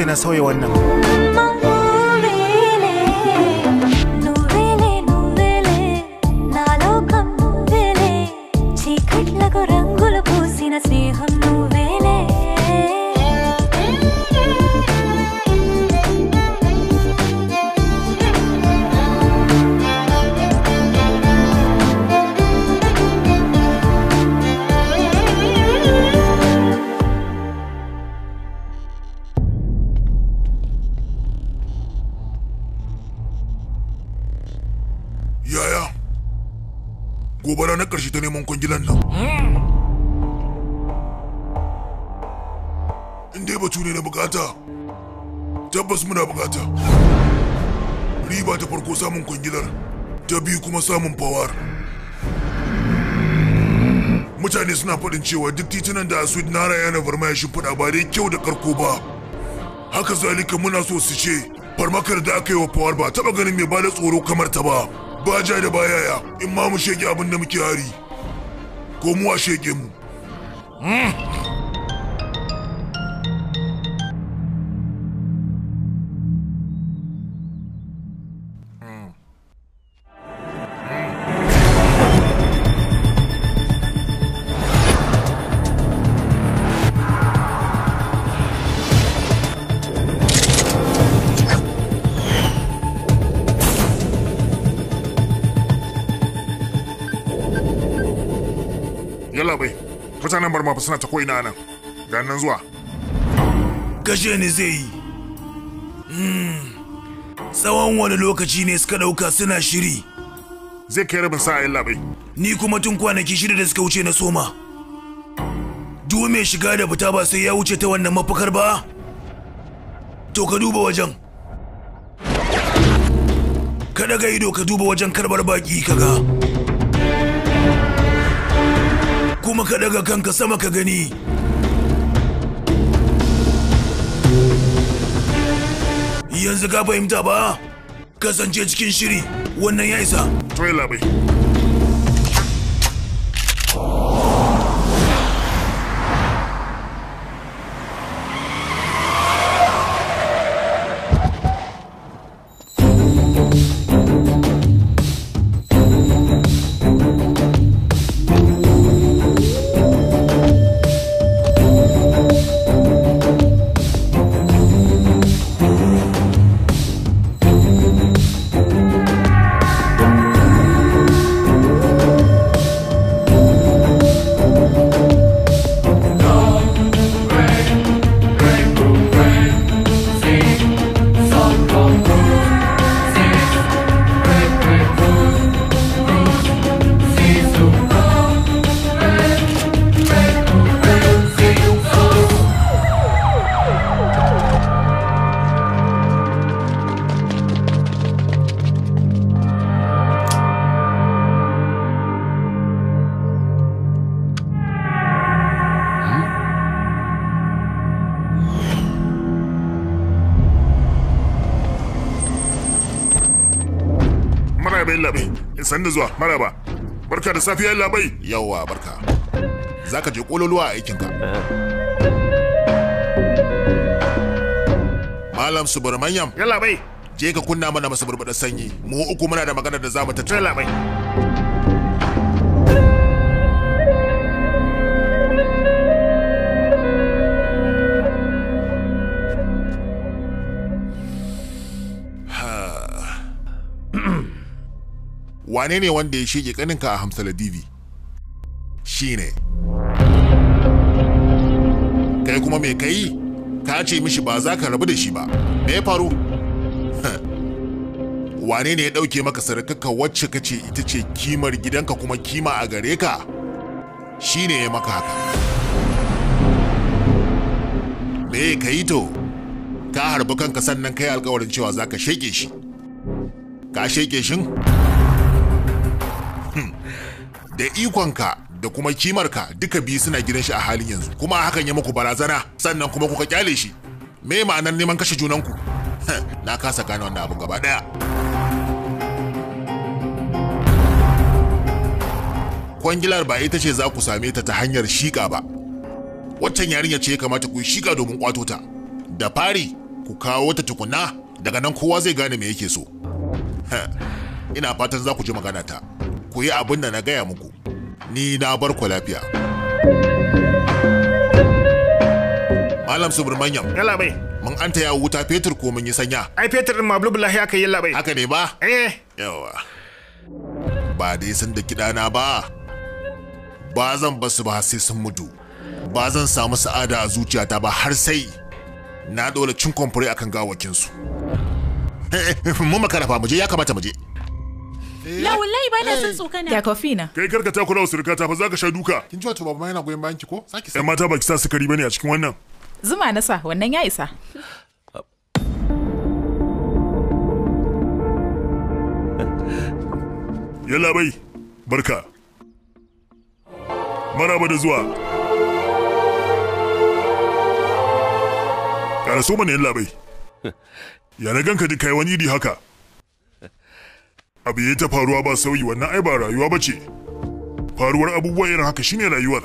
na sauya wannan suna faɗin cewa duk titunan da ya na farma ya shimfiɗa ba dai kyau da karko ba. Haka zalika muna so su ce farmakar da aka yi wa Fawar ba taɓa ganin mai da tsoro kamar ta ba. Ba ja da ba yaya in ma mu shege abin da muke hari. Ko mu a shege mu. Hmm. fa suna ta koina nan ga nan zuwa kashe ni zai yi hmm. tsawon wani lokaci ne suka ɗauka suna shiri zai kai rabin sa'a yin labai ni kuma tun kwanaki shida da suka wuce na soma duk mai shiga da fita ba sai ya wuce ta wannan mafakar ba to ka duba wajen ka daga ido ka duba wajen karbar baki kaga kuma ka daga kanka sama ka gani yanzu ka fahimta ba kasance cikin shiri wannan ya isa. Trailer bai. san da zuwa maraba barka da safiya labai yawa barka zaka je kololuwa a aikinka malam subramanyam yalla bai je ka kunna mana masu burbuɗar sanyi mu uku muna da magana da zamu tattauna labai wane ne wanda ya shige kaninka a hamsala Shi shine kai kuma mai kai ka ce mishi ba za ka rabu da shi ba me ya faru wane ne ya ɗauke maka sarakaka wacce ka ce ita ce kimar gidanka kuma kima a gare ka shine ya maka haka me ka yi to ka harbi kanka sannan kai alkawarin cewa za ka sheke shi ka sheke shin da ikonka da kuma kimarka duka biyu suna gidan shi a halin yanzu kuma hakan ya muku barazana sannan kuma kuka kyale shi me ma'anar neman kashe junanku na kasa gane wannan abu gaba daya kwangilar ba ita ce za ku same ta ta hanyar shika ba waccan yarinya ce ya kamata ku shika domin kwato ta da fari ku kawo wata tukuna daga nan kowa zai gane me yake so ina fatan za ku ji magana ta ku yi abin da na gaya muku ni na bar ku lafiya malam subramanyam yalla bai mun an ya wuta fetur ko mun yi sanya ai fetur din mablub lahi aka yalla bai haka ne ba eh yawa ba dai sun da kidana ba ba zan basu ba sai sun mutu ba zan samu sa'ada a zuciyata ba har sai na dole cin kwamfuri akan gawakinsu mu makarafa mu je ya kamata mu je Eh. wallahi ba na son eh. tsokana ya na. kai karka ta kula usurka ta fa za ka sha duka kin ji wato mai yana goyen bayan ki ko saki sai mata ki sa sukari bane a cikin wannan zuma na sa wannan ya isa yalla bai barka maraba da zuwa ƙaraso mana yalla bai ya na ganka duk kai wani iri haka abu ya ta faruwa ba sauyi wannan ai ba rayuwa ba ce faruwar abubuwa irin haka shine rayuwar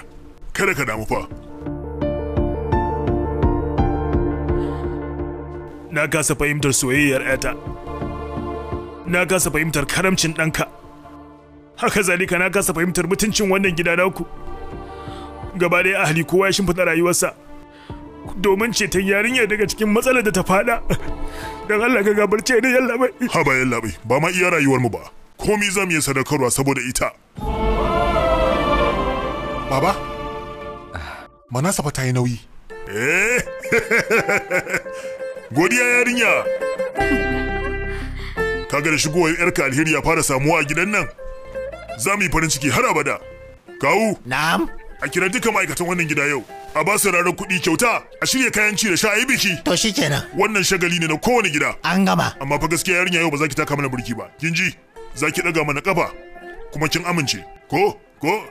kada ka damu fa na kasa fahimtar soyayyar yata na kasa fahimtar karamcin ɗanka haka zalika na kasa fahimtar mutuncin wannan gida naku gaba ɗaya ahli kowa ya shimfiɗa rayuwarsa domin ceton yarinya daga cikin matsalar da ta faɗa Dan Allah ka gabarce ni yalla bai ha ba ba ma iya rayuwar mu ba komi za mu yi sadakarwa saboda ita baba manasa ta yi nauyi eh. godiya yarinya Ka ga da shigowar yarka alheri ya fara samuwa a gidan nan za mu yi farin ciki har abada kawu na'am a kira duka ma'aikatan wannan gida yau a ba su rarar kuɗi kyauta a shirya kayan ci da sha a yi biki to kenan. wannan shagali ne na kowane gida an gama amma fa gaskiya yarinya yau ba za ki taka mana burki ba kin ji za ki ɗaga mana ƙafa kuma kin amince ko ko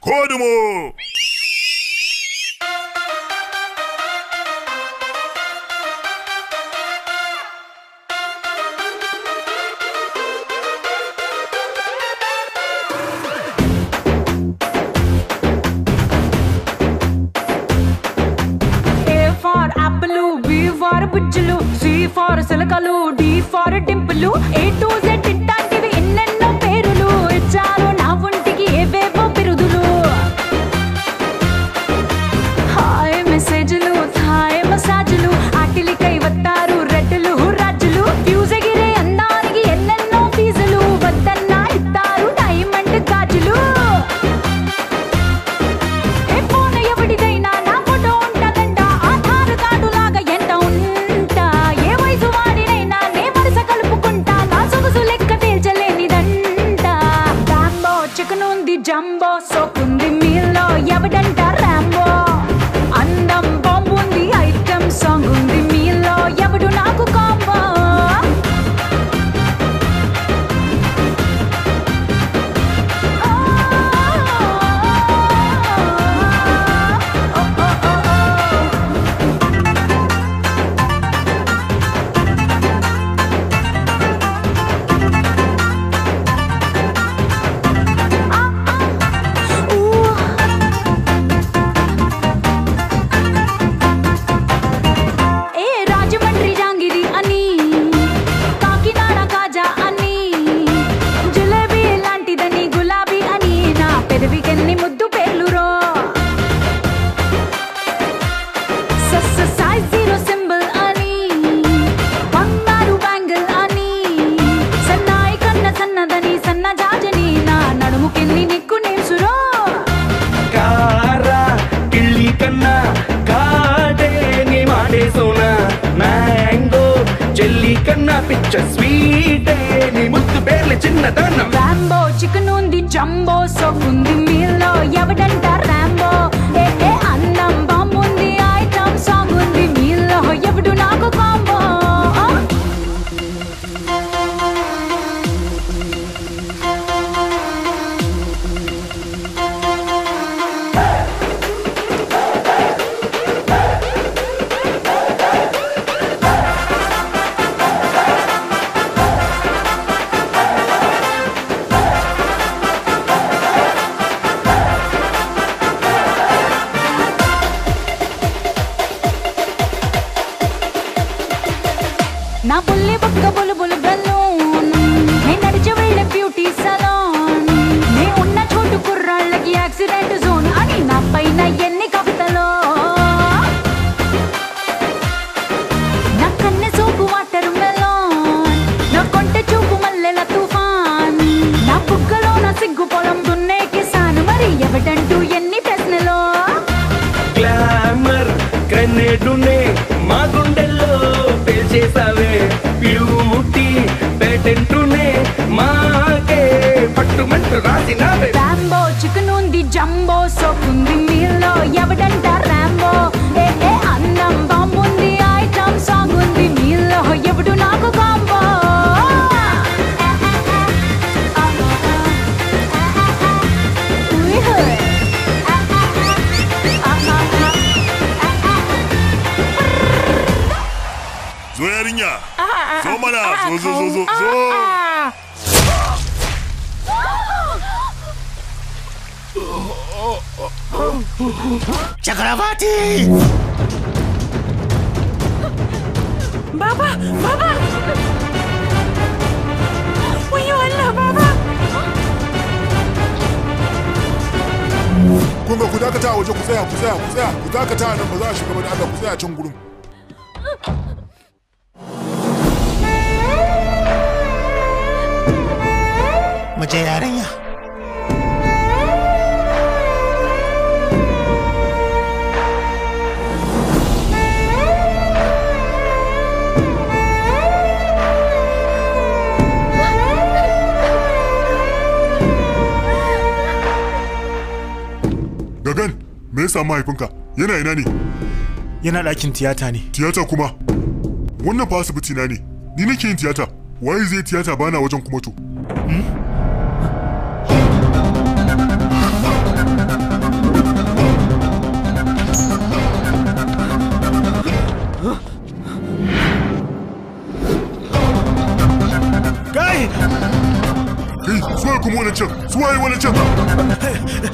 ko dumo for బుజ్జులు C for సిలకలు D for డింపులు A to Z తింటా ɗakin tiyata ne. Tiyata kuma? Wannan fa asibiti na ne. Ni nake yin tiyata. Waye zai tiyata bana wajen kuma to? Kai! Kai, suwaye kuma wani can? Suwaye wani can?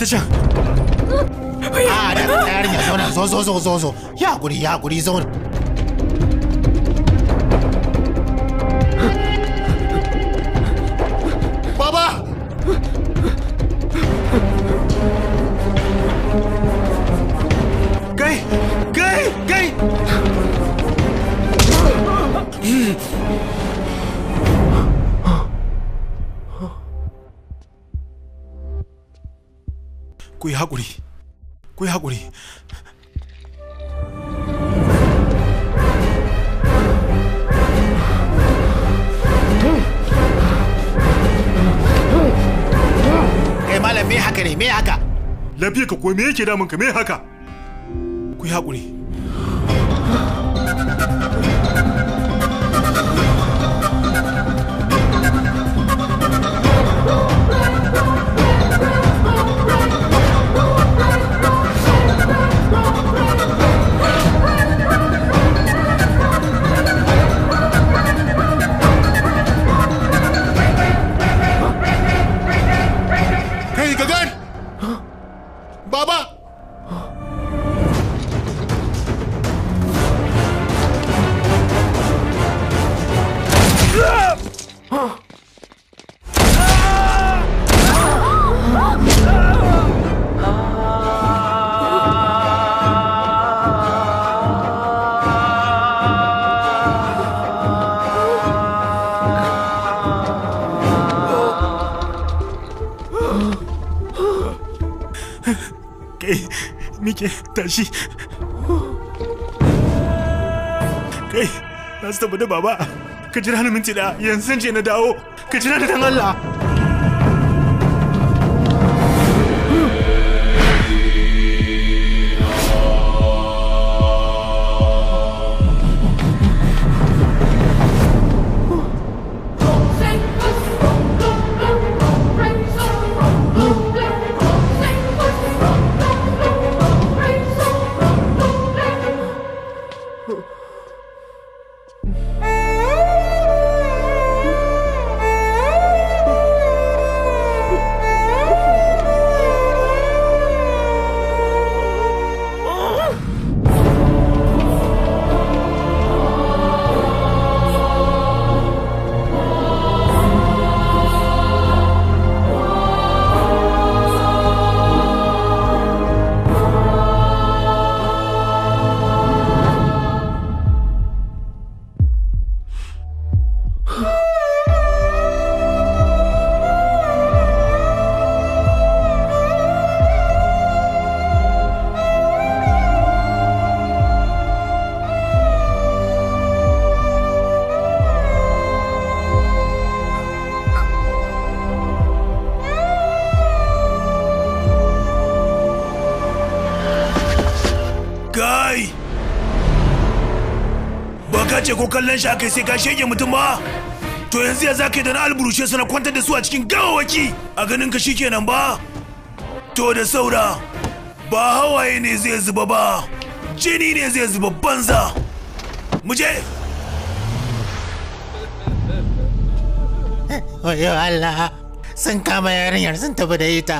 kita can a da ta yarinya zauna zo zo zo zo zo ya guri ya guri zauna ku yi haƙuri ku yi haƙuri kai malam me haka ne me haka lafiya ka ko me yake damun ka me haka ku yi haƙuri tashi kai na su tabbata baba ka jira na minti da yanzu ce na dawo ka jira da dan Allah ko kallon shi akai sai ka shege mutum ba to yanzu ya zaka da na alburushe su na kwantar da su a cikin gawawaki a ganin ka shi shikenan ba to da saura ba hawaye ne zai zuba ba jini ne zai zuba banza mu je Oyo Allah sun kama yarinyar sun tafi da ita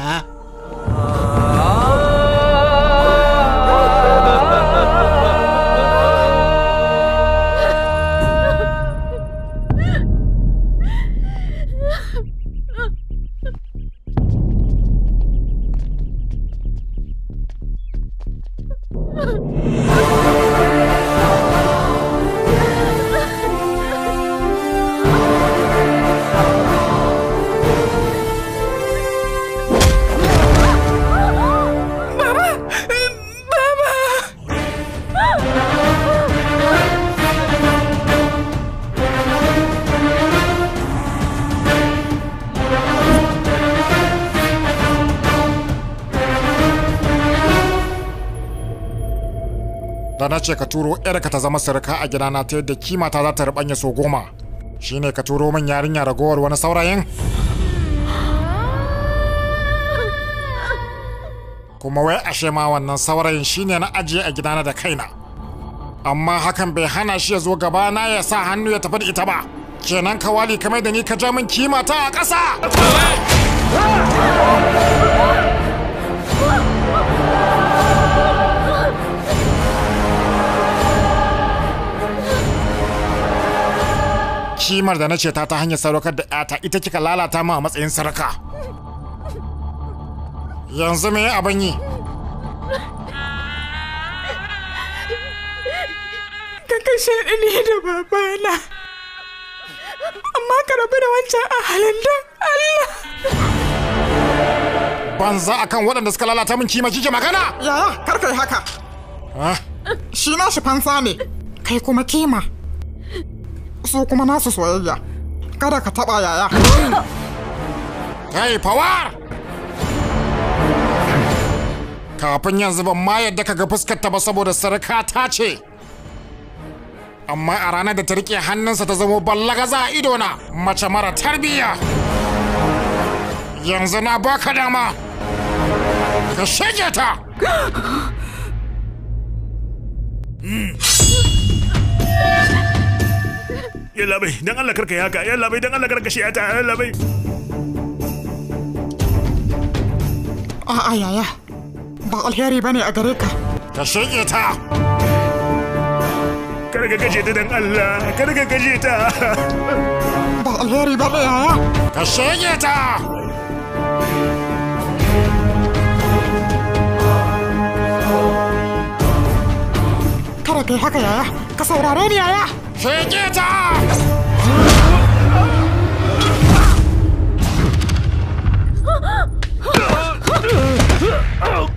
ce ka turo ka ta zama suruka a gidana ta yadda kima ta za ta rubanya so goma shine ka turo min yarinya ragowar wani saurayin kuma wai ashe ma wannan saurayin shine na ajiye a gidana da kaina amma hakan bai hana shi ya zo gaba na ya sa hannu ya tafi da ita ba kenan ka wali kamar da ni ka ja min kima ta a ƙasa kimar da na ce ta ta hanyar sadaukar da ƴata ita kika lalata mu a matsayin sarka yanzu me abin yi ka kashe ni da babana amma ka rabu da wancan a halin don Allah banza kan waɗanda suka lalata min kima kike magana yaya kar kai haka ah. shi na shi fansa ne kai kuma kima su kuma nasu soyayya kada ka taba yaya kai fawar kafin yanzu ban ma yadda ka ga fuskarta ba saboda sarka ta ce amma a ranar da ta rike hannunsa ta zama ballaga za a idona mace mara tarbiyya yanzu na baka dama ka shige ta mm. yalla bai dan Allah karka yi haka yalla bai dan Allah karka shi ta yalla bai a'a yaya ba alheri bane a gare ka shige ta karka gaje ta dan Allah karka gaje ta ba alheri ya yaya ka shige ta kada kai haka yaya ka saurare ni Take Oh!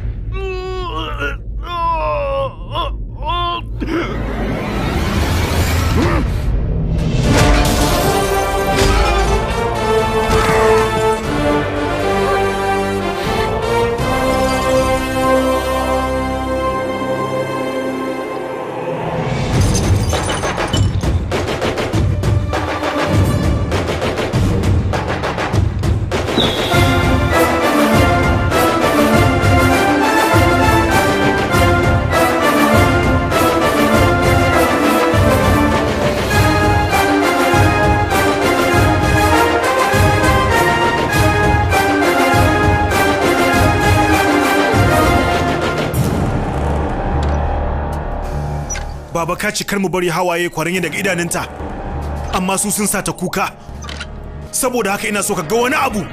Baba ka ci kar mu bari hawaye kwarin daga idanunta. Amma su sun sa ta kuka. Saboda haka ina so ka ga wani abu.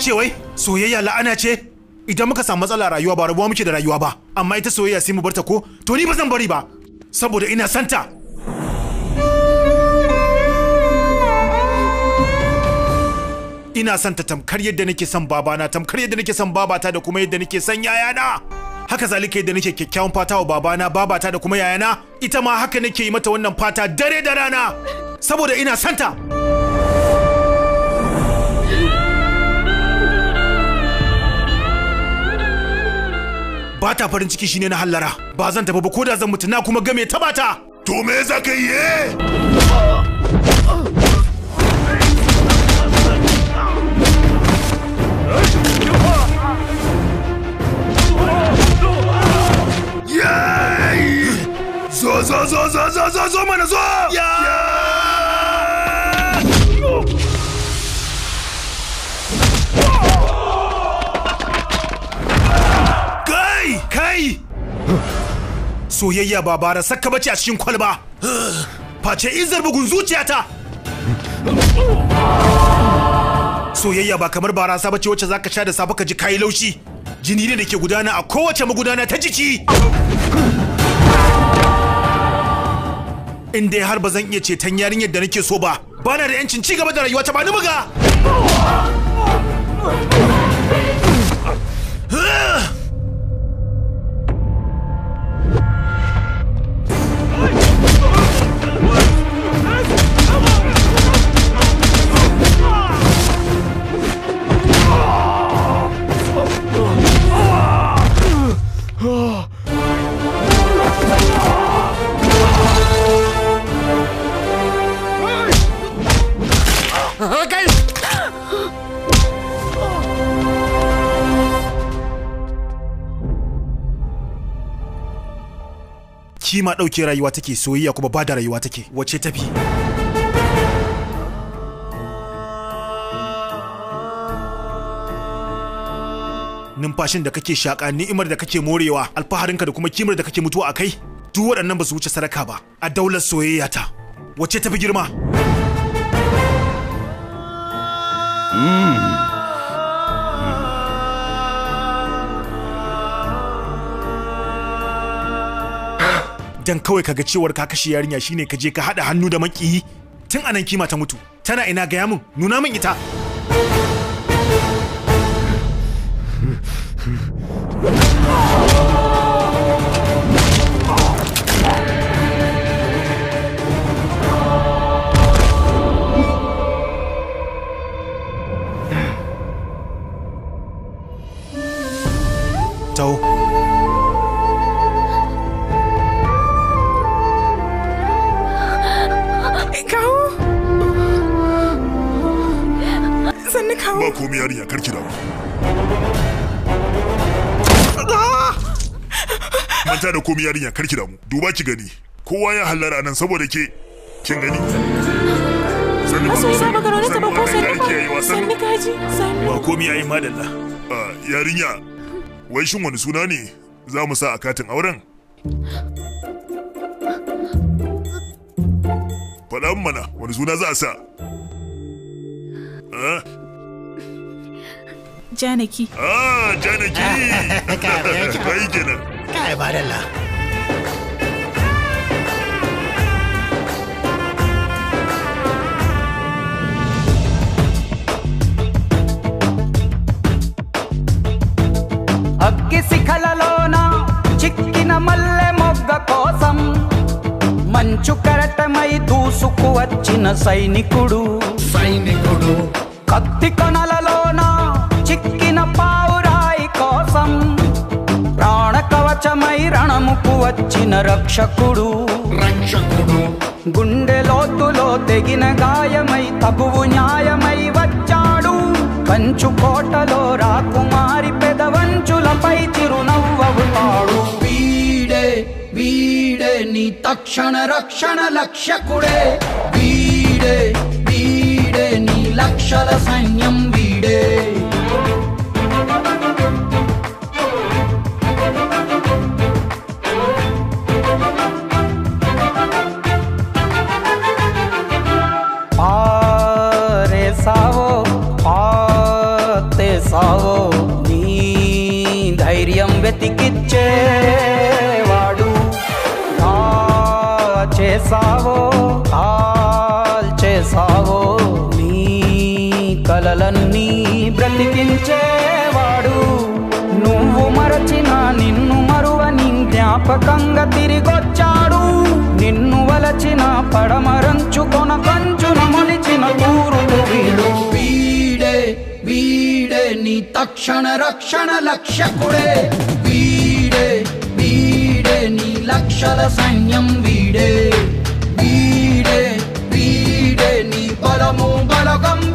ce wai soyayya la'ana ce idan muka samu matsala rayuwa ba rabuwa muke da rayuwa ba amma ita soyayya sai mu barta ko to ni ba zan bari ba saboda ina santa ina santa tamkar yadda nake son babana tamkar yadda nake son babata da kuma yadda nake son yayana haka zalika yadda nake kyakkyawan fata wa babana babata da kuma yayana ita ma haka nake yi mata wannan fata dare da rana saboda ina santa ba ta farin ciki shine na hallara ba zan tafi ba ko da zan mutu na kuma game ta bata to me za ka yi eh? Zo zo zo zo zo zo zo mana zo! Yeah! yeah! yi soyayya ba bara sakka bace a cikin kwalba face izar bugun zuciyata soyayya ba kamar barasa bace wacce zaka sha da safe ka ji kai laushi jini ne da ke gudana a kowace magudana ta jiki in dai har ba zan iya ceton yarinyar da nake so ba bana da yancin ci gaba da rayuwa ta ba ni buga kima ɗauke rayuwa take soyayya kuma ba da rayuwa take wace tafi numfashin da kake shaƙa ni'imar da kake morewa alfaharinka da kuma kimar da kake mutuwa a kai duk waɗannan ba su wuce sadaka ba a daular soyayya ta wace tafi girma mm. dan kawai kaga cewar ka kashe yarinya shine ka je ka hada hannu da makiyi tun anan kima ta mutu tana ina gaya min nuna min ita Tau. yarinya karki mu manta da komai yarinya karki damu duba ki gani kowa ya hallara nan saboda ke kin gani masoyina makaroni ta babban sarrafa sannu kaji sannu ba komai yayi madalla ah, yarinya wai shin wani suna ne za mu sa a katin auren faɗa mana wani suna za a sa ah? Janaki जानकी कही के ना काय बारेला సైనికుడు సైనికుడు కత్తి కొనలలో రణముకు వచ్చిన రక్షకుడు రక్షకుడు గుండె లోతులో తెగిన గాయమై తగువు న్యాయమై వచ్చాడు కోటలో రాకుమారి పెదవంచులపై చిరునవ్వవుతాడు వీడే వీడే నీ తక్షణ రక్షణ లక్షకుడే వీడే వీడే నీ లక్షల సైన్యం వీడే సావో పాతే సావో నీ ధైర్యం వెతికిచ్చేవాడు ఆ చేసావో ఆల్ చేసావో నీ కలలన్నీ బ్రతికించేవాడు నువ్వు మరచిన నిన్ను మరువని జ్ఞాపకంగా తిరిగొచ్చాడు నిన్ను వలచిన పడమరంచు కొనక తక్షణ రక్షణ లక్ష్యకుడే వీడే వీడే నీ లక్షల సైన్యం వీడే వీడే వీడే నీ బలము బలగం